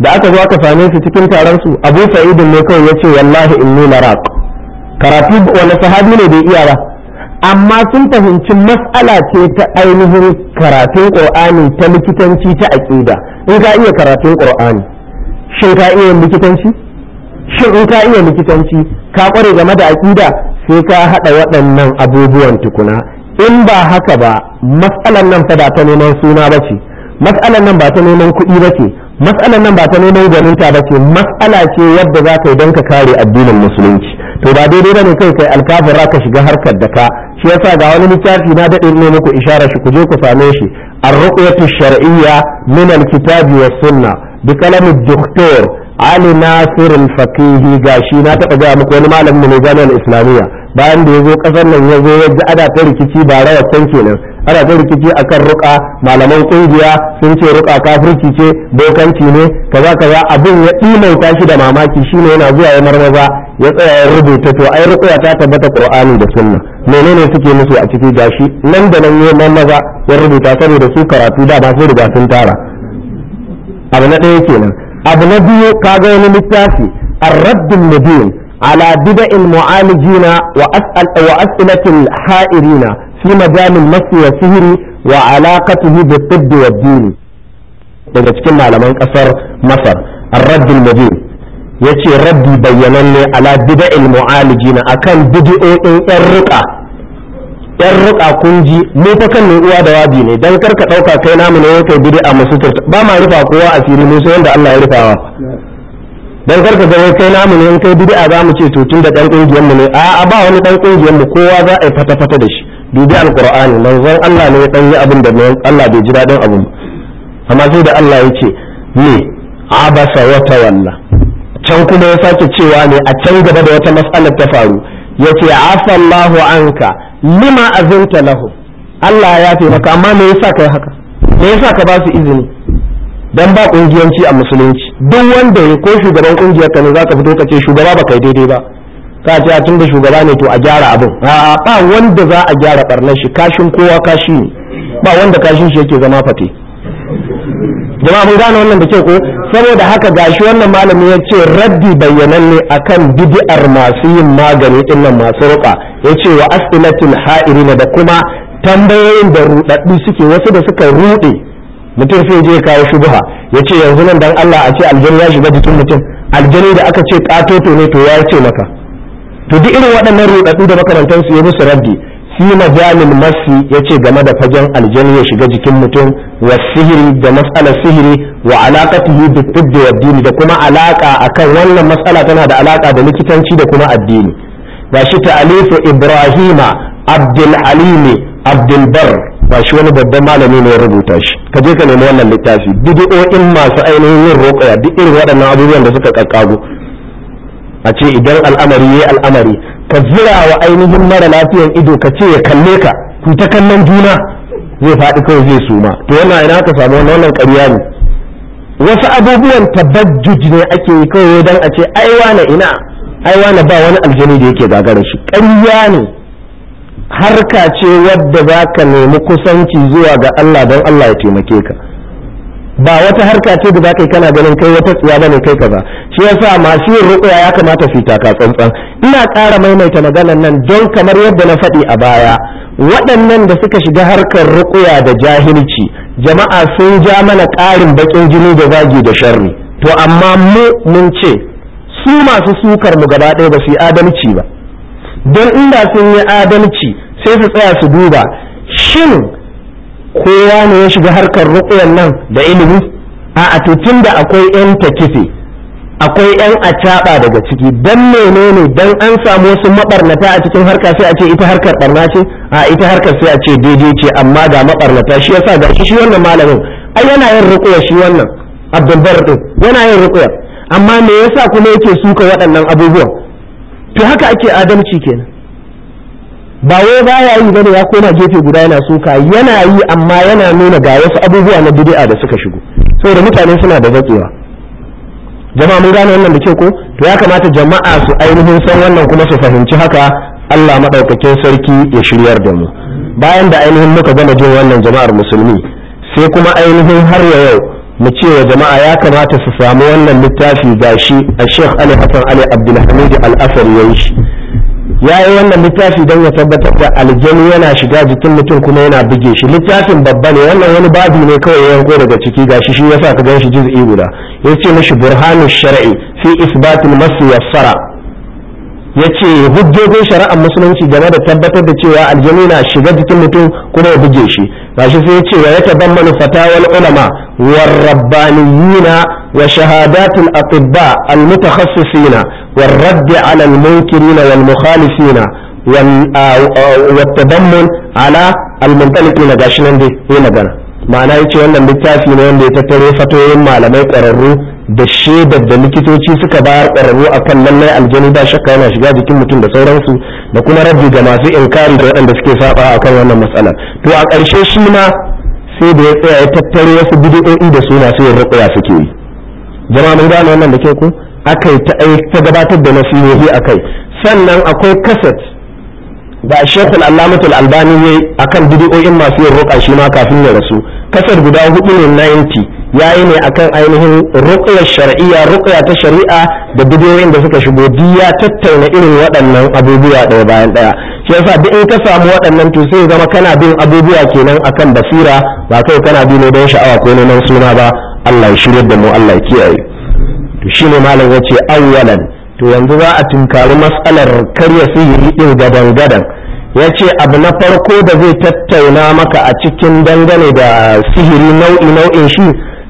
da aka zo aka same su cikin taron su Abu Sa'id ne kawai yace wallahi inni laraq karatu wani sahabi ne bai iya ba amma sun fahimci mas'ala ce ta ainihin karatun ƙur'ani ta likitanci ta aƙida in ka iya karatun ƙur'ani shin ka iya likitanci shin in ka iya likitanci ka ƙware game da aƙida sai ka haɗa waɗannan abubuwan tukuna in ba haka ba mas'alan nan fa da ta neman suna ba ce mas'alan nan ba ta neman kuɗi ba ce matsalar nan ba ta neman ganinta ba ce matsala ce yadda za ka yi don ka kare addinin musulunci to ba daidai ba ne kai kai alkafira ka shiga harkar da ka shi yasa ga wani littafi na daɗe ne muku ishara shi ku je ku same shi ar-ruqyatu shar'iyya min al-kitabi sunna bi kalami doktor Ali Nasir al-Faqihi gashi na taɓa gaya muku wani malamin mu ne jami'ar Islamiyya bayan da ya zo ƙasar nan ya zo ya ji ada ta rikici ba rawa can kenan ana ta rikici akan ruka malaman kungiya sun ce ruka kafirci ce bokanci ne kaza kaza abin ya imanta shi da mamaki shine yana zuwa ya marmaza ya tsaya ya rubuta to ai ruka ta tabbata qur'ani da sunna menene suke musu a ciki gashi nan da nan ya marmaza ya rubuta saboda su karatu da ba su riga sun tara abu na ɗaya kenan abu na biyu kaga wani littafi arraddul mubin wa بدع wa وأسئلة ha'irina في مجال المس wa وعلاقته بالطب والدين wa daga cikin malaman ƙasar masar arraddin mubin ya ce raddi ne, ala bida'il mu'alijina akan bidi'o'in yan riƙa yan riƙa kunji mu fa kan uwa da wabi ne dan karka ɗauka kai namu ne kai bid'a mu sutur ba ma rufa kowa asiri mu sai wanda Allah ya rufawa dan karka ga kai namu ne kai bid'a za mu ce to tun da dan kungiyar mu ne a'a ba wani dan kungiyar mu kowa za a yi fata fata da shi dubi alqur'ani manzon Allah ne ya dan yi abin da Allah bai ji dadin abin amma sai da Allah ya ce ne abasa wa tawalla can kuma ya sake cewa ne a can gaba da wata mas'alar ta faru yace afallahu anka lima azinta lahu Allah ya fi maka amma me yasa kai haka me yasa ka ba su izini dan ba kungiyanci a musulunci duk wanda ya ko shugaban kungiyar ka ne zaka fito ka ce shugaba ba kai daidai ba ka ce a tunda shugaba ne to a gyara abin a ba wanda za a gyara barnar shi kashin kowa kashi ne ba wanda kashin shi yake zama fate jama'a mun gane wannan da ke ko saboda haka gashi wannan malami ya ce raddi ne akan bid'ar masu yin magani din nan masu ruka ya ce wa as'ilatul ha'irina da kuma tambayoyin da rudaddu suke wasu da suka rude mutum sai je kawo shubha ya ce yanzu nan dan Allah a ce aljanna ya shiga jikin mutum aljani da aka ce to ne to ya ce maka to duk irin waɗannan ruɗaɗu da su ya musu raddi fi majalil masi ya ce game da fagen aljani ya shiga jikin mutum wa sihiri da matsalar sihiri wa alaƙatuhu da tibbi wa addini da kuma alaƙa akan wannan matsala tana da alaƙa da likitanci da kuma addini ga shi ta'alifu ibrahima abdul abdulbar abdul bar ba shi wani babban malami ne ya rubuta shi ka je ka nemi wannan littafi bidi'o'in masu ainihin yin roƙaya duk irin waɗannan abubuwan da suka ƙaƙƙago a ce idan al'amari ya al'amari ka zira wa ainihin mara lafiyar ido ka ce ya kalle ka ku ta kallon juna zai faɗi kawai zai suma to yana ina ka samu wannan ƙarya ne wasu abubuwan tabajjuj ne ake yi kawai don a ce ai wane ina ai wane ba wani aljani da yake gagara shi ƙarya ne harka ce wadda za ka nemi kusanci zuwa ga Allah don Allah ya taimake ka ba wata harka ce da za ka yi kana ganin kai wata tsiya ba ne kai ka ba. shi yasa masu yin ruƙuya ya kamata su taka tsantsan ina ƙara maimaita maganar nan don kamar yadda na faɗi a baya waɗannan da suka shiga harkar ruƙuya da jahilci jama'a sun ja mana ƙarin baƙin jini da zagi da sharri to amma mu mun ce su masu sukar mu gaba ɗaya ba su yi adalci ba don inda sun yi adalci sai su tsaya su duba shin kowa ne ya shiga harkar ruƙuyan nan da ilimi a'a titin da akwai 'yan takife akwai yan acaba daga ciki don menene don an samu wasu mabarnata a cikin harka sai a ce ita harkar barna ce a ita harkar sai a ce daidai ce amma ga mabarnata shi yasa ga shi wannan malamin ai yana yin ruqya shi wannan Abdul Bar din yana yin ruqya amma me yasa kuma yake suka waɗannan abubuwan to haka ake adalci kenan ba wai ya yi bane ya koma gefe guda yana suka yana yi amma yana nuna ga wasu abubuwa na bid'a da suka shigo saboda mutane suna da batsewa jama'a mun gane wannan da ke ko to ya kamata jama'a su ainihin san wannan kuma su fahimci haka Allah madaukakin sarki ya shiryar da mu bayan da ainihin muka gama jin wannan jama'ar musulmi sai kuma ainihin har yau mu ce wa jama'a ya kamata su samu wannan littafi gashi a Sheikh Ali Hassan Ali Abdulhamid Al-Asr yayi shi ya yi wannan littafi don ya tabbatar da aljanu yana shiga jikin mutum kuma yana buge shi littafin babba ne wannan wani babi ne kawai ya yanko daga ciki ga shi shi ya sa ka gan shi juz'i guda ya ce mashi burhanu shari'i fi isbatin masu yassara ya ce hujjojin shari'ar musulunci game da tabbatar da cewa aljanu na shiga jikin mutum kuma ya buge shi ga shi sai ya ce wa ya manufata fatawal ulama war rabbaniyina وشهادات الأطباء المتخصصين والرد على المنكرين والمخالفين والتضمن على المنطلقين غاشنان دي هنا غانا ma'ana ya ce wannan littafi ne wanda ya tattaro fatoyin malamai ƙwararru da shaidar da likitoci suka bayar ƙwararru a kan lallai aljanu ba shakka yana shiga jikin mutum da sauransu da kuma rabbi ga masu inkari da waɗanda suke saba a kan wannan matsalar to a ƙarshe shi ma sai da ya tsaya ya tattaro wasu bidiyo'i da su masu yin ruƙuya suke yi jama'a mun gane wannan da ke ku aka yi ta gabatar da nasihohi a kai sannan akwai kaset da shekul allamatul albani ne akan bidiyoyin masu yin roƙa shi ma kafin ya rasu kasar guda hudu ne 90 ya yi ne akan ainihin roƙa shari'a roƙa ta shari'a da bidiyoyin da suka shigo diya tattauna irin waɗannan abubuwa ɗaya bayan ɗaya shi yasa duk in ka samu waɗannan to sai zama kana bin abubuwa kenan akan basira ba kai kana bi ne don sha'awa ko neman suna ba Allah ya shirya da mu Allah ya kiyaye to shine malam yace awwalan to yanzu za a tunkari matsalar karya sihiri din gadan gadan yace abu na farko da zai tattauna maka a cikin dangane da sihiri nau'i nau'in shi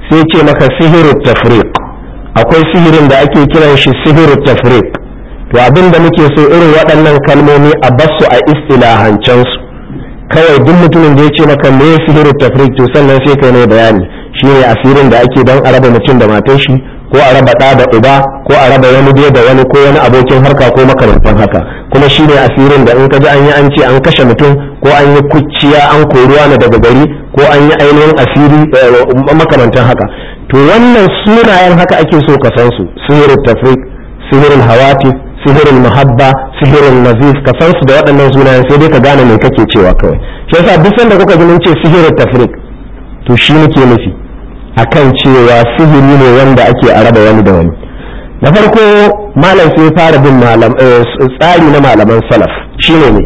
sai ce maka sihiru tafriq akwai sihirin da ake kiran shi sihiru tafriq to abinda muke so irin waɗannan kalmomi a basu a istilahancensu kawai duk mutumin da ya ce maka me sihiru tafrik to sannan sai kai ne bayani shine asirin da ake don a raba mutum da matar shi ko a raba da uba ko a raba wani biye da wani ko wani abokin harka ko makarantar haka kuma shine asirin da in ka ji an yi an ce an kashe mutum ko an yi kuciya an koruwa na daga gari ko an yi ainihin asiri eh, makarantar haka to wannan sunayen haka ake so ka san su sihirin tafrik sihirin hawatif sihirin muhabba sihirin nazif ka san su da waɗannan sunayen sai dai ka gane mai kake cewa kawai shi yasa duk sanda kuka ji mun ce sihirin tafrik to shi nake nufi akan cewa sihiri ne wanda ake araba wani da wani na farko malam sai fara bin eh, tsari na malaman salaf shine ne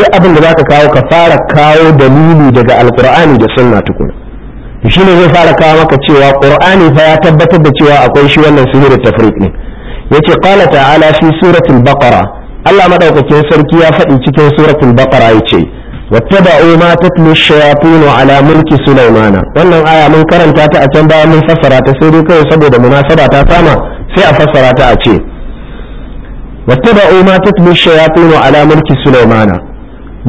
duk abin da zaka kawo ka fara kawo dalili daga alqur'ani da sunna tukuna shi ne zai fara kawo maka cewa ƙur'ani fa ya tabbatar da cewa akwai shi wannan sihirin tafrik ne yace qala ta'ala fi suratul baqara Allah madaukakin sarki ya faɗi cikin suratul baqara yace wattaba'u ma tatlu ash-shayatin ala mulki sulaymana wannan aya mun karanta ta a can bayan mun fassara ta sai dai kai saboda munasaba ta sama sai a fassara ta a ce wattaba'u ma tatlu ash-shayatin ala mulki sulaymana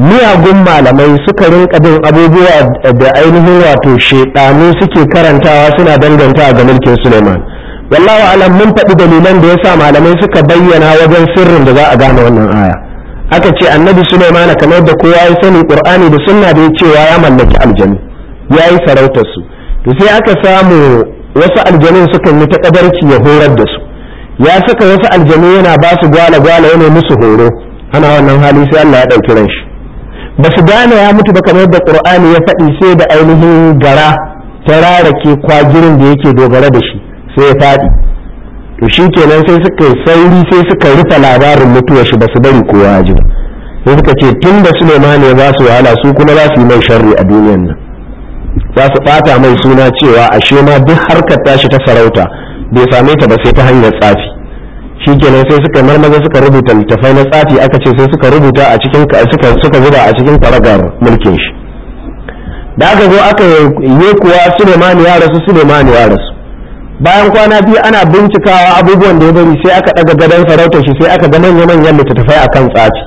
miyagun malamai suka rinka bin abubuwa da ainihin wato shedanu suke karantawa suna danganta ga mulkin Sulaiman wallahu alam mun faɗi dalilan da yasa malamai suka bayyana wajen sirrin da za a gane wannan aya aka ce annabi Sulaiman kamar da kowa ya sani Qur'ani da sunna da cewa ya mallaki aljanu ya yi sarautar su to sai aka samu wasu aljanun suka yi ta kadarci ya horar da su ya saka wasu aljanu yana ba su gwala gwala yana musu horo ana wannan hali sai Allah ya dauki ran shi ba su gane ya mutu ba kamar da Qur'ani ya faɗi sai da ainihin gara ta kwajirin da yake dogara da shi sai ya faɗi to shi kenan sai suka sauri sai suka rufe labarin mutuwar shi ba su bari kowa ji ba sai suka ce tun da Suleiman ya za su wahala su kuma za su yi mai sharri a duniyar nan za su ɓata mai suna cewa ashe ma duk harkar tashi ta sarauta bai same ta ba sai ta hanyar tsafi shikenan sai suka marmaza suka rubuta littafai na tsafi aka ce sai suka rubuta a cikin suka zuba a cikin faragar mulkin shi da aka zo aka yi kuwa Suleiman ya rasu Suleiman ya rasu bayan kwana biyu ana bincikawa abubuwan da ya bari sai aka daga gadon sarautar shi sai aka ga manya-manyan a kan tsaci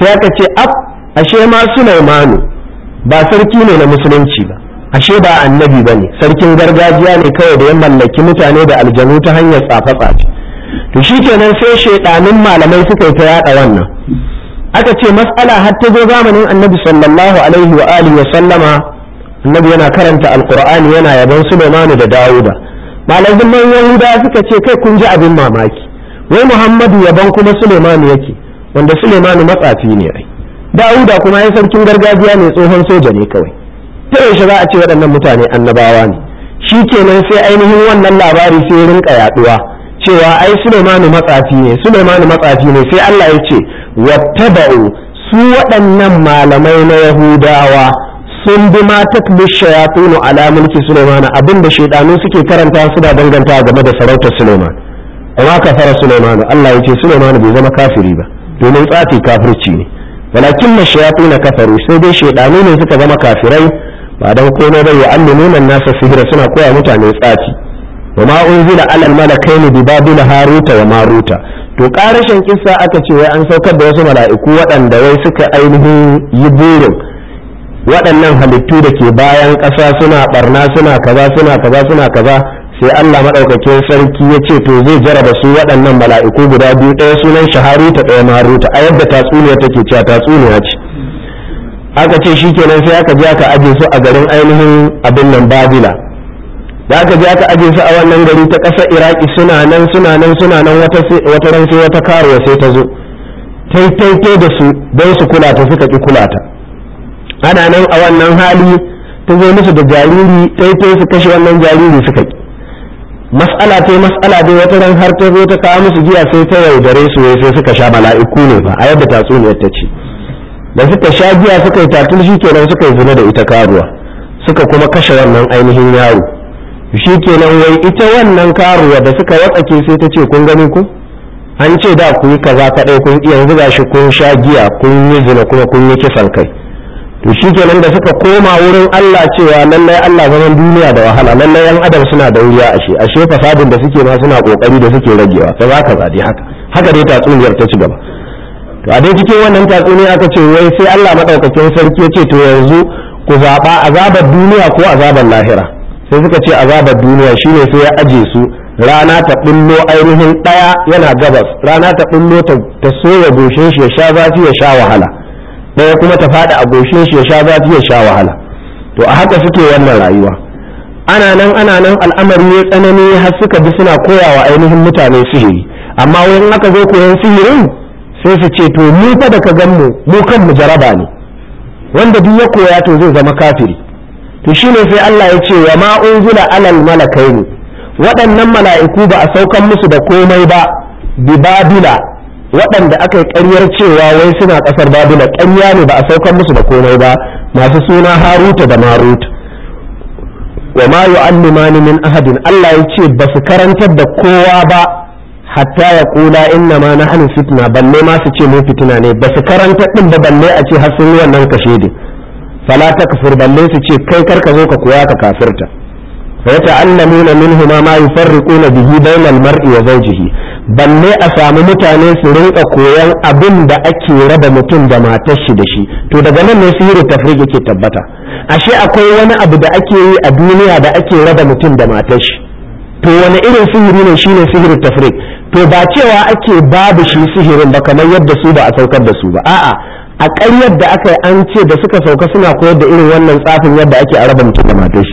sai aka ce ab ashe ma imanu ba sarki ne na musulunci ba ashe ba annabi ba ne sarkin gargajiya ne kawai da ya mallaki mutane da aljanu ta hanyar tsafa tsafe to shi kenan sai shaidanin malamai suka yi ta yada wannan aka ce matsala har ta zo zamanin annabi sallallahu alaihi wa alihi wa sallama annabi yana karanta alqur'ani yana yaban Sulaimanu da Dawuda malamin yahuda suka ce kai kun ji abin mamaki wai muhammadu yaban kuma sulemanu yake wanda sulemanu matsafi ne ai da'uda kuma ya sarkin gargajiya ne tsohon soja ne kawai ta yaushe za a ce waɗannan mutane annabawa ne shi kenan sai ainihin wannan labari sai rinka yaduwa cewa ai sulemanu matsafi ne sulemanu matsafi ne sai allah ya ce wattaba'u su waɗannan malamai na yahudawa sun bi ma tatlu shayatunu ala mulki Sulaiman abinda shaidanu suke karanta su da danganta game da sarautar Sulaiman amma fara Sulaiman Allah ce Sulaiman bai zama kafiri ba domin tsafi kafirci ne walakin na shayatuna kafaru sai dai shaidanu ne suka zama kafirai ba dan komai ba yu'allimuna nan nasa sihira suna koya mutane tsafi wa ma unzila ala al-malakaini bi babil haruta wa maruta to karashin kissa aka ce wai an saukar da wasu mala'iku waɗanda wai suka ainihin yi burin waɗannan halittu da ke bayan ƙasa suna ɓarna suna kaza suna kaza suna kaza sai Allah maɗaukakin sarki ya ce to zai jaraba su waɗannan mala'iku guda biyu ɗaya sunan shaharuta ɗaya maruta a yadda tatsuniya take cewa tatsuniya ce aka ce shi kenan sai aka je aka aje su a garin ainihin abin nan babila da aka je aka aje su a wannan gari ta ƙasar iraki suna nan suna nan suna nan wata ran sai wata karuwa sai ta zo taitaito da su don su kula ta suka ƙi kula ta ana nan a wannan hali ta zo musu da jariri ta yi su kashe wannan jariri suka yi mas'ala ta mas'ala dai wata ran har ta zo ta kawo musu giya sai ta yaudare su sai suka sha mala'iku ne ba a yadda tatsuniyar ta ce da suka sha giya suka yi tatul shi kenan suka yi zina da ita karuwa suka kuma kashe wannan ainihin yaro shi kenan wai ita wannan karuwa da suka watsake sai ta ce kun gani ku an ce da ku yi kaza kaɗai kun iya yanzu ga shi kun sha giya kun yi zina kuma kun yi kisan kai to shi shikenan da suka koma wurin Allah cewa lallai Allah zaman duniya da wahala lallai yan adam suna da wuya ashe ashe fasadin da suke ma suna kokari da suke ragewa ta za ka haka haka dai tatsuniyar ta ci gaba to a dai cikin wannan tatsuniya aka ce wai sai Allah madaukakin sarki ya ce to yanzu ku zaba azabar duniya ko azabar lahira sai suka ce azabar duniya shine sai ya aje su rana ta bullo ainihin daya yana gabas rana ta bullo ta soya goshin shi ya sha zafi ya sha wahala ɗaya kuma ta faɗi a goshin shi ya sha zafi ya sha wahala to a haka suke wannan rayuwa ana nan ana nan al'amari ya tsanani har suka bi suna koyawa ainihin mutane sihiri amma wani aka zo koyon sihirin sai su ce to mu fa da ka gan mu mu kanmu jaraba ne wanda duk ya koya to zai zama kafiri to shine sai Allah ya ce wa ma unzila alal malakaini waɗannan mala'iku ba a saukan musu da komai ba Bibabila. waɗanda aka yi ƙaryar cewa wai suna ƙasar babila ƙarya ne ba a saukar musu da komai ba masu suna haruta da marut wa ma yu'allimani min ahadin Allah ya ce ba su karantar da kowa ba hatta ya kula inna ma nahnu fitna balle ma su ce mu fitina ne ba su karantar din ba balle a ce har sun wannan kashe din fala takfur balle su ce kai karka zo ka koya ka kafirta ويتعلمون منهما ما يفرقون به بين المرء وزوجه balle a samu mutane su rinka koyan abin da ake raba mutum da matar da shi to daga nan ne sihiru tafrik yake tabbata ashe akwai wani abu da ake yi a duniya da ake raba mutum da matar shi to wani irin sihiri ne shine sihiru tafrik to ba cewa ake babu shi sihiri ba kamar yadda su ba a saukar da su ba a'a a ƙaryar da aka an ce da suka sauka suna koyar da irin wannan tsafin yadda ake a raba mutum da matar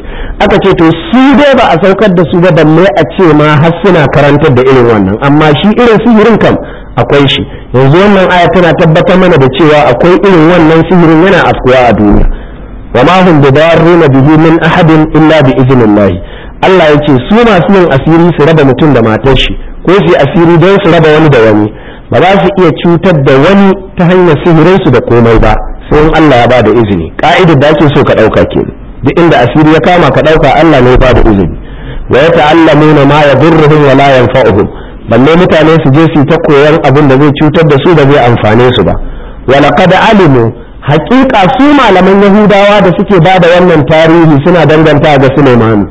aka ce to su dai ba a saukar da su ba balle a ce ma har suna karantar da irin wannan amma shi irin sihirin kam akwai shi yanzu wannan aya tana tabbatar mana da cewa akwai irin wannan sihirin yana afkuwa a duniya wa ma hum darrin bihi min ahadin illa bi idnillah Allah yace su masu yin asiri su raba mutum da matar shi ko su asiri don su raba wani da wani ba za su iya cutar da wani ta hanyar sihirinsu da komai ba sai in Allah ya ba da izini ka'idar da ake so ka ɗauka kenan duk inda asiri ya kama ka ɗauka Allah ne ba da uzuri wa ya ta'allamuna ma yadurruhum wa la yanfa'uhum balle mutane su je su ta koyan abin da zai cutar da su da zai amfane su ba wa laqad alimu haƙiƙa su malaman yahudawa da suke ba da wannan tarihi suna danganta ga Sulaimanu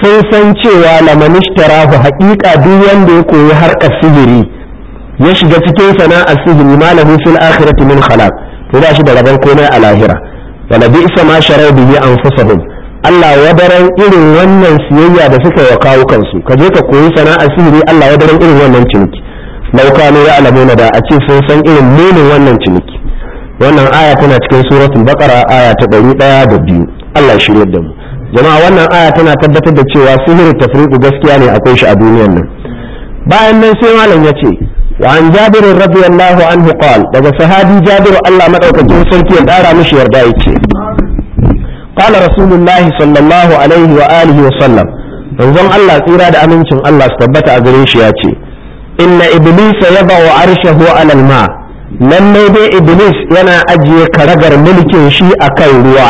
sun san cewa lamanishtarahu haƙiƙa duk wanda ya koyi harkar sihiri ya shiga cikin sana'ar sihiri malamin fil akhirati min khalaq to da shi da rabon komai a lahira wala bi isa ma sharau an anfusahum Allah wadaran irin wannan siyayya da suka wa kawo kansu ka je ka koyi sana'a sihiri Allah wadaran irin wannan ciniki ya kanu ya'lamuna da a ce sun san irin munin wannan ciniki wannan aya tana cikin suratul baqara aya ta 102 Allah shirye da mu jama'a wannan aya tana tabbatar da cewa sihirin tafriqu gaskiya ne akwai shi a duniyar nan bayan nan sai malam ya ce وعن جابر رضي الله عنه daga sahabi jabiru Allah madaukakin sarki ya dara mishi yarda yake قال رسول الله صلى الله عليه وآله وسلم manzon Allah tsira da amincin Allah su tabbata a gare shi ya ce inna iblisa ya yabau arshahu alal ma lallai dai iblis yana ajiye karagar mulkin shi akan ruwa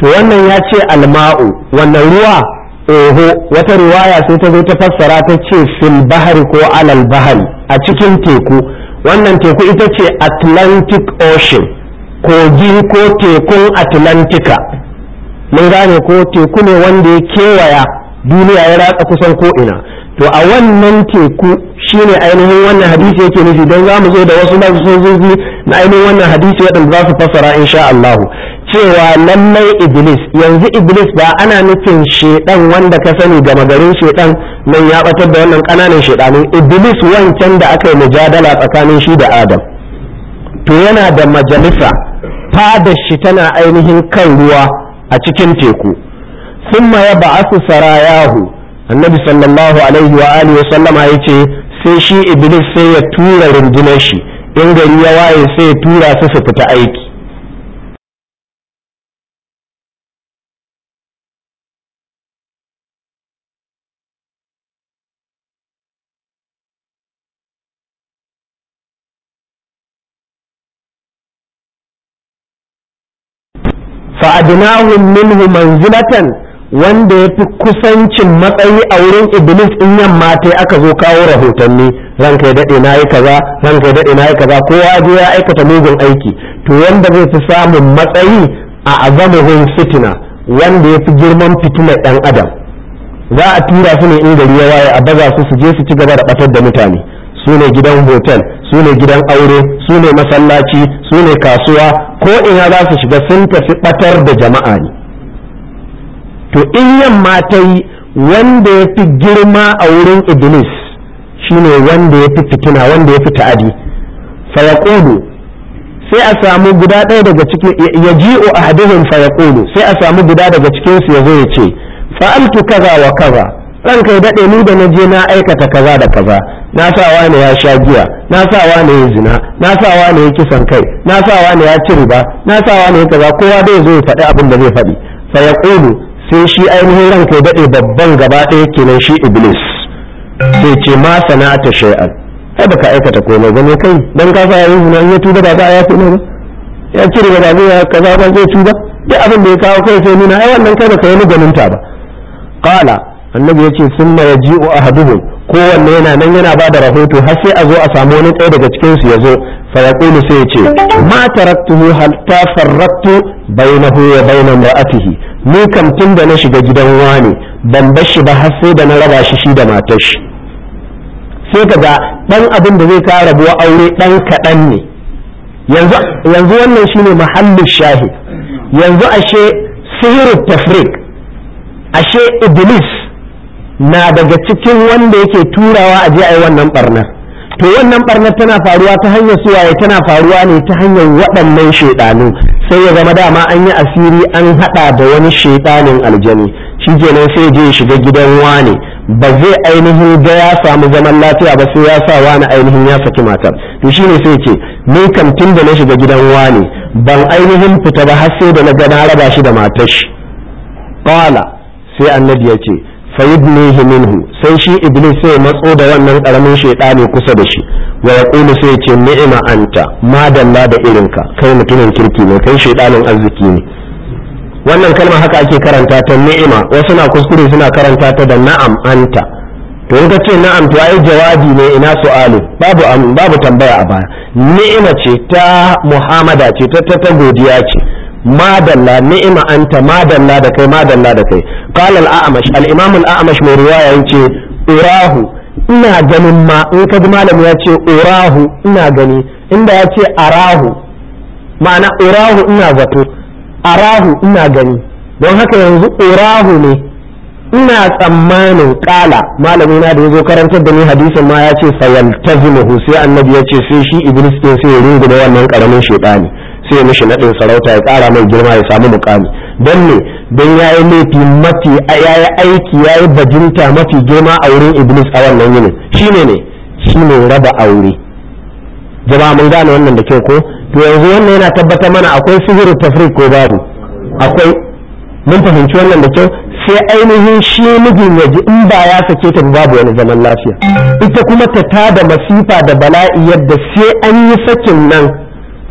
to wannan ya ce alma'u wannan ruwa oho wata riwaya sai ta zo ta fassara ta ce fil bahari ko alal bahari a cikin teku wannan teku ita ce atlantic ocean kogi ko tekun atlantika mun gane ko teku ne wanda ya kewaya duniya ya ratsa kusan ko'ina to a wannan teku shine ainihin wannan hadisi yake nufi don za mu zo da wasu masu sojoji na ainihin wannan hadisi waɗanda za su fassara insha Allahu cewa lallai iblis yanzu iblis ba ana nufin shedan wanda ka sani gama garin shedan nan ya batar da wannan kananan shedanin iblis wancan da aka yi mujadala tsakanin shi da adam to yana da majalisa fadar shi tana ainihin kan ruwa a cikin teku summa ya ba'asu sarayahu annabi sallallahu alaihi wa alihi wa sallama yace sai shi iblis sai ya tura rundunar shi in gari ya waye sai ya tura su su fita aiki fa'adnahum minhu manzilatan wanda ya fi kusancin matsayi a wurin iblis in yamma ta aka zo kawo rahotanni ranka ya daɗe na yi kaza ranka ya daɗe na kaza kowa je ya aikata mugun aiki to wanda zai fi samun matsayi a azamuhun fitina wanda ya fi girman fitinar ɗan adam za a tura su ne in gari ya waye a baza su su je su ci gaba da ɓatar da mutane su ne gidan hotel su ne gidan aure su ne masallaci su ne kasuwa ko ina za su shiga sun tafi batar da jama'a ne to in yamma ta yi wanda ya fi girma a wurin iblis shine wanda ya fi fitina wanda ya fi ta'adi fayaqudu sai a samu guda ɗaya daga cikin ya a ahaduhum fayaqudu sai a samu guda daga cikinsu ya zo ya ce fa'altu kaza wa kaza ranka ya daɗe ni da na je na aikata kaza da kaza na sa wani ya sha giya na sa wani ya zina na sa wani ya kisan kai na sa wani ya ci riba na sa wani ya kaza kowa dai zo ya faɗi abin da zai faɗi sai ya sai shi ainihin ranka ya daɗe babban gaba ɗaya kenan shi iblis sai ce ma sana'ata shay'an ai baka aikata komai ba ne kai dan ka sa yayin zina ya tuba da za a yafi ne ba ya ci riba da zai kaza ba zai tuba duk abin da ya kawo kai sai nuna ai wannan kai baka yi ganin ta ba qala annabi ya ce sun mara ji'u a haduhun kowanne yana nan yana ba da rahoto har sai a zo a samu wani ɗaya daga cikinsu ya zo fayaqulu sai ya ce ma taraktuhu hatta farraktu bainahu wa baina mar'atihi ni kam tun da na shiga gidan wani ban bar shi ba har sai da na raba shi shi da matar shi sai kaga dan abin da zai kara rabuwa aure dan kaɗan ne yanzu wannan shine mahallin shahid yanzu ashe sihirin tafrik ashe iblis na daga cikin wanda yake turawa a je a yi wannan barnar to wannan barnar tana faruwa ta hanyar suwaye tana faruwa ne ta hanyar waɗannan shaidanu sai ya zama dama an yi asiri an haɗa da wani shaidanin aljani shi kenan sai je ya shiga gidan wane ba zai ainihin ga ya samu zaman lafiya ba sai ya sa wani ainihin ya saki matar to shi ne sai ce ni kantin da na shiga gidan wane ban ainihin fita ba har sai da na ga na raba shi da matar shi qala sai annabi ya ce fayidnihi minhu sai shi iblis sai matso da wannan karamin ne kusa da shi wa yaqulu sai ce ni'ma anta dalla da irin ka, kai mutumin kirki ne kai shaidanin arziki ne wannan kalma haka ake karanta ta ni'ima wasu na kuskure suna karanta ta da na'am anta to in ce na'am to ai jawabi ne ina su'alu babu babu tambaya a baya ni'ima ce ta muhammada ce ta ta godiya ce madalla Nima, anta madalla da kai madalla da kai qala al-a'mash al-imam al-a'mash mai riwaya yace urahu ina ganin ma in ka ji ya ce urahu ina gani inda yace arahu ma'ana urahu ina zato arahu ina gani don haka yanzu urahu ne ina tsammanin kala malami na da yazo karantar da ni hadisin ma yace ce sai annabi yace ce sai shi iblis din sai ya rungu da wannan karamin ne. sai mishi naɗin sarauta ya ƙara mai girma ya samu mukami don ne don ya yi laifi mafi ya yi aiki ya yi bajinta mafi girma a wurin iblis a wannan yinin Shi ne ne, shi ne raba aure jama mun gane wannan da kyau ko to yanzu wannan yana tabbatar mana akwai sihirin tafrik ko babu akwai mun fahimci wannan da kyau sai ainihin shi mijin ya ji in ba ya sake ta babu wani zaman lafiya ita kuma ta tada masifa da bala'i yadda sai an yi sakin nan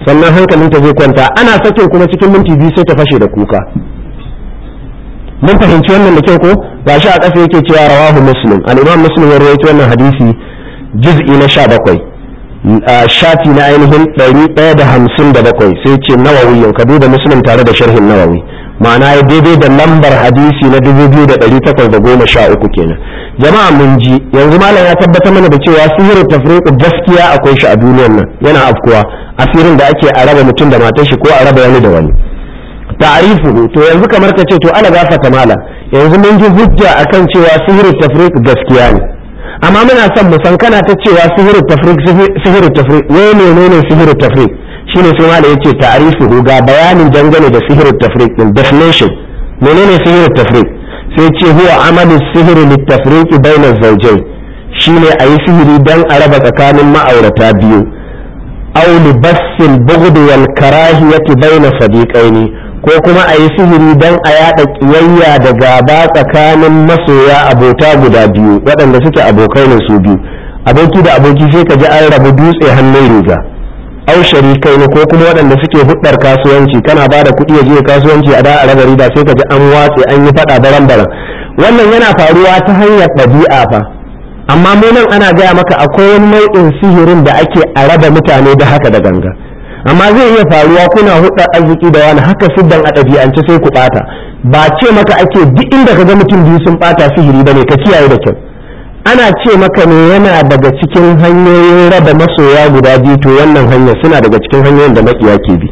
sannan hankalinta zai kwanta ana sakin kuma cikin minti biyu sai ta fashe da kuka mun fahimci wannan da kyau ko ba shi a ƙasa yake cewa rawahu muslim al-imam muslim ya rawaito wannan hadisi juz'i na 17 shafi na ainihin 157 sai ce nawawi yau ka duba muslim tare da sharhin nawawi ma'ana ya daidai da lambar hadisi na 2813 kenan jama'a mun ji yanzu malam ya tabbatar mana da cewa sihirin tafriqu gaskiya akwai shi a duniyar nan yana afkuwa asirin da ake a raba mutum da matar shi ko a raba wani da wani ta'arifu to yanzu kamar ka ce to ana ta malam yanzu mun ji hujja akan cewa sihirin tafriqu gaskiya ne amma muna son mu san kana ta cewa sihirin tafriq sihirin tafriq ne ne sihirin tafriqu shine sai malai yace ta'rifuhu ga bayanin dangane da sihirin tafriq din definition menene sihirin tafriq sai ce huwa amalu sihiri litafriq baina zawjayn shine ayi sihiri dan a raba tsakanin ma'aurata biyu aw li basil bughd wal karahiyati baina ne ko kuma ayi sihiri dan a yada kiyayya da gaba tsakanin masoya abota guda biyu waɗanda suke abokai ne su biyu aboki da aboki sai ka ji an rabu dutse hannun riga au sharikai ko kuma waɗanda suke hudar kasuwanci kana ba da kuɗi ya je kasuwanci a da a da riba sai ka ji an watse an yi faɗa baran baran wannan yana faruwa ta hanyar ɗabi'a fa amma mu nan ana gaya maka akwai wani nau'in sihirin da ake a raba mutane da haka da ganga amma zai iya faruwa kuna hudar arziki da wani haka siddan a ɗabi'ance sai ku ɓata ba ce maka ake duk inda ka ga mutum biyu sun ɓata sihiri ba ne ka kiyaye da kyau ana ce maka ne yana daga cikin hanyoyin raba masoya guda biyu to wannan hanya suna daga cikin hanyoyin da maƙiya ke bi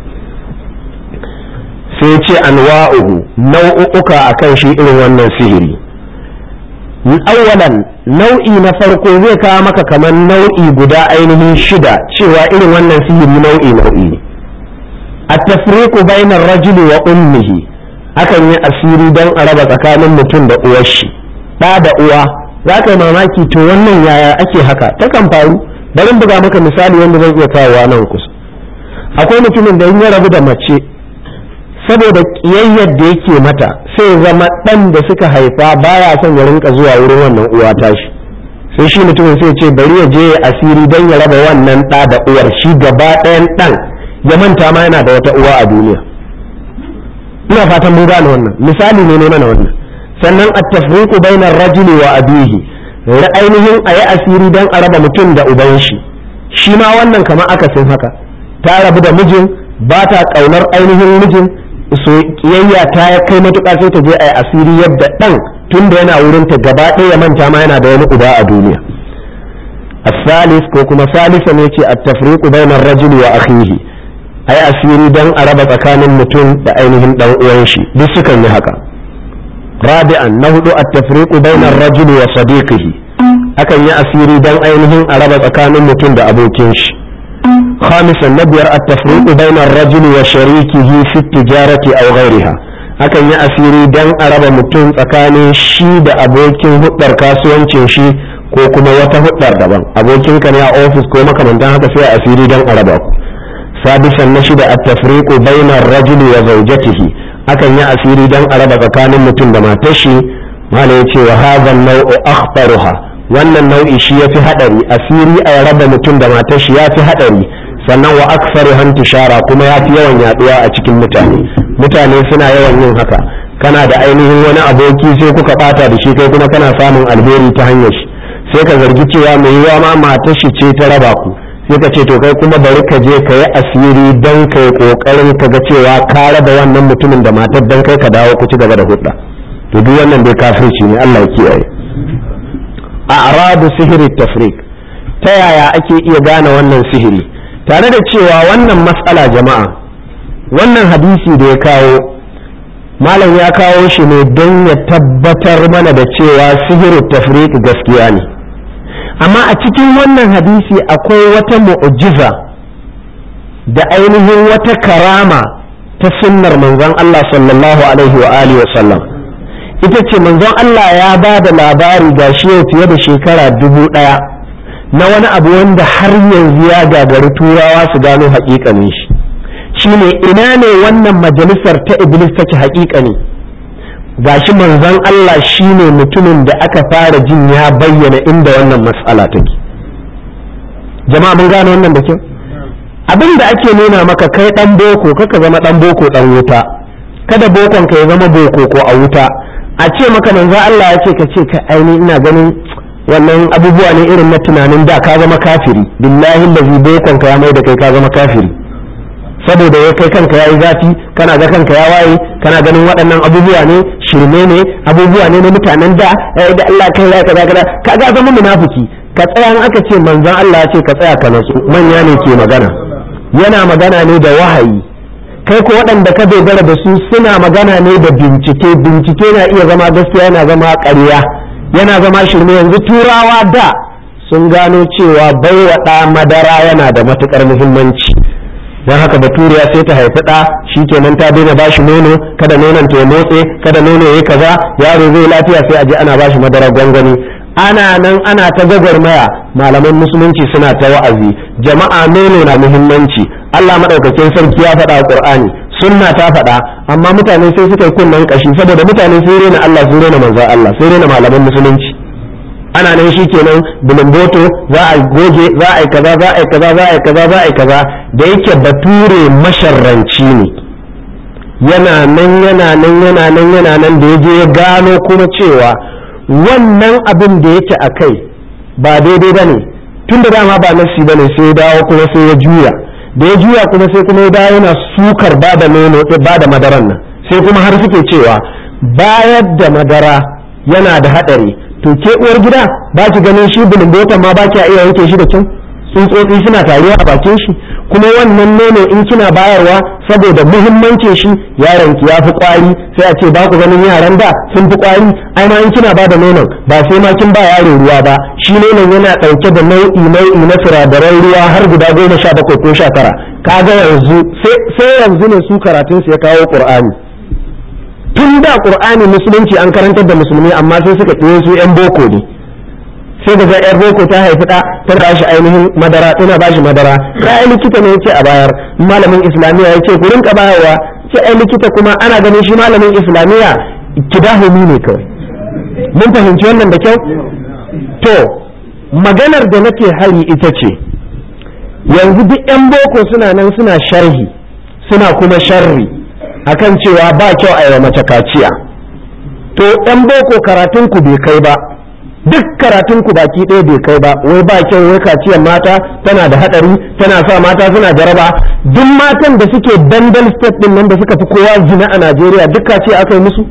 sai ce anwa'uhu nau'uka akan shi irin wannan sihiri awwalan nau'i na farko zai kawo maka kamar nau'i guda ainihin shida cewa irin wannan sihiri nau'i nau'i at-tafriqu bainar ar-rajuli wa ummihi akan yi asiri don a raba tsakanin mutum da uwar shi ɗa da uwa za ka yi mamaki to wannan yaya ake haka takan faru bari buga maka misali wanda zan iya kawowa nan kusa akwai mutumin da ya rabu da mace saboda kiyayyar da yake mata sai zama ɗan da suka haifa baya son ya rinka zuwa wurin wannan uwa tashi sai shi mutumin sai ce bari ya je asiri dan ya raba wannan ɗa da uwar shi gaba ɗayan ɗan ya manta ma yana da wata uwa a duniya ina fatan mun gane wannan misali ne ne mana wannan sannan at-tafriqu bainar rajuli wa abihi ainihin yi asiri don a raba mutum da uban shi shi ma wannan kamar akasin haka ta rabu da mijin ba ta kaunar ainihin mijin su kiyayya ta kai matuƙa sai ta je a yi asiri yadda ɗan tunda yana wurin ta gaba ɗaya manta ma yana da wani uba a duniya A ko kuma Salisa ne ce bainar كوكما wa يتي التفريق asiri asiri a raba tsakanin tsakanin mutum da ainihin ɗan uwanshi duk sukan yi haka. rabi'an na hudu at-tafriqu bainar rajuli wa sadiqihi akan yi asiri dan ainihin araba tsakanin mutum da abokin shi khamisan na biyar at-tafriqu bainar rajuli wa sharikihi fi tijarati aw ghayriha akan yi asiri dan a raba mutum tsakanin shi da abokin hudar kasuwancin shi ko kuma wata hudar daban abokinka ne a ofis ko makamantan haka sai a asiri dan araba raba ku sadisan na shida at-tafriqu bainar rajuli wa zawjatihi akan yi asiri don a raba tsakanin mutum da matar shi ya ce wa hazan nau'u akhbaruha wannan nau'i shi ya fi haɗari asiri a raba mutum da matar shi ya fi haɗari sannan wa aksaru shara kuma ya fi yawan yaɗuwa a cikin mutane mutane suna yawan yin haka kana da ainihin wani aboki sai kuka ɓata da shi kai kuma kana samun alheri ta hanyar shi sai ka zargi cewa mai yawa ma matar shi ce ta raba ku sai ka ce to kai kuma bari ka je ka yi asiri don ka yi kokarin ka ga cewa ka raba wannan mutumin da matar don kai ka dawo ku ci gaba da hudda to duk wannan bai kafirci ne Allah ya kiyaye a aradu sihiri tafriq ta yaya ake iya gane wannan sihiri tare da cewa wannan matsala jama'a wannan hadisi da ya kawo malam ya kawo shi ne don ya tabbatar mana da cewa sihirin tafriq gaskiya ne amma a cikin wannan hadisi akwai wata mu'jiza da ainihin wata karama ta sunnar manzon Allah sallallahu alaihi wa alihi wasallam ita ce manzon Allah ya ba da labari ga shi fiye da shekara dubu ɗaya na wani abu wanda har yanzu ya gagari turawa su gano haƙiƙanin shi shine ina ne wannan majalisar ta iblis take haƙiƙani Ga shi manzon Allah shine mutumin da aka fara jin ya bayyana inda wannan matsala take jama'a mun gane wannan da kyau abin da ake nuna maka kai ɗan boko kaka zama ɗan boko ɗan wuta kada bokon ka ya zama boko ko a wuta a ce maka manzon Allah ya ce ka ce ka aini ina ganin wannan abubuwa ne irin na tunanin da ka zama kafiri billahi lazi bokon ka ya mai da kai ka zama kafiri saboda ya kai kanka yayi zafi kana ga kanka ya waye kana ganin waɗannan abubuwa ne shirme ne abubuwa ne na mutanen da eh, da Allah kai ya kaza kaza ka ga zama munafiki ka tsaya in aka ce manzon Allah ya ce ka tsaya ka nasu manya ne ke magana yana magana ne da wahayi kai ko waɗanda ka dogara da su suna magana ne da bincike bincike na iya zama gaskiya yana zama ƙarya yana zama shirme yanzu turawa da sun gano cewa baiwa ɗa madara yana da matuƙar muhimmanci don haka baturiya sai ta haifi ɗa shi kenan ta daina ba shi nono kada nonon ta motse kada nono ya kaza yaro zai lafiya sai a je ana bashi shi madarar gwangwani ana nan ana ta maya malaman musulunci suna ta wa'azi jama'a nono na muhimmanci Allah madaukakin sarki ya faɗa a Qur'ani sunna ta faɗa amma mutane sai suka yi kunnen ƙashi saboda mutane sun rena Allah sun rena manzon Allah sun rena malaman musulunci ana nan shi kenan bilimboto za a goge za a kaza za a kaza za a kaza za a kaza da yake bature masharranci ne yana nan yana nan yana nan yana nan da ya ya gano kuma cewa wannan abin da yake a kai ba daidai ba ne tun da dama ba nasi ba ne sai dawo kuma sai ya juya da ya juya kuma sai kuma ya dawo yana sukar ba da nono eh, ba da madaran nan sai kuma har suke cewa bayar da madara yana da haɗari to ke uwar gida ba ki ganin shi bulumbotan ma ba ki iya yanke shi da kin tsutsotsi suna taruwa a bakin shi kuma wannan nono in kina bayarwa saboda muhimmancin shi yaron ki ya fi kwari sai a ce ba ku ganin yaran da sun fi kwari ai ma in kina ba da ba sai ma kin ba yaro ruwa ba shi nonon yana ɗauke da nau'i nau'i na sinadaran ruwa har guda goma sha bakwai ko sha tara kaga yanzu sai yanzu ne su karatun su ya kawo qur'ani tun da qur'ani musulunci an karantar da musulmi amma sai suka tsaye su yan boko ne sai da ga yar boko ta haifi da ta shi ainihin madara tana bashi madara sai likita ne yake a bayar malamin islamiya yace gurin ka bayarwa sai ai likita kuma ana ganin shi malamin islamiya kidahumi ne kawai mun fahimci wannan da kyau to maganar da nake hali ita ce yanzu duk yan boko suna nan suna sharhi suna kuma sharri akan cewa ba kyau a yi mace kaciya to ɗan boko karatunku bai kai ba duk karatun ku baki ɗaya bai kai ba wai ba kyau wai kaciyar mata tana da haɗari tana sa mata suna jaraba duk matan da suke dandal state ɗin nan da suka fi kowa zina a Najeriya duk kaciya aka yi musu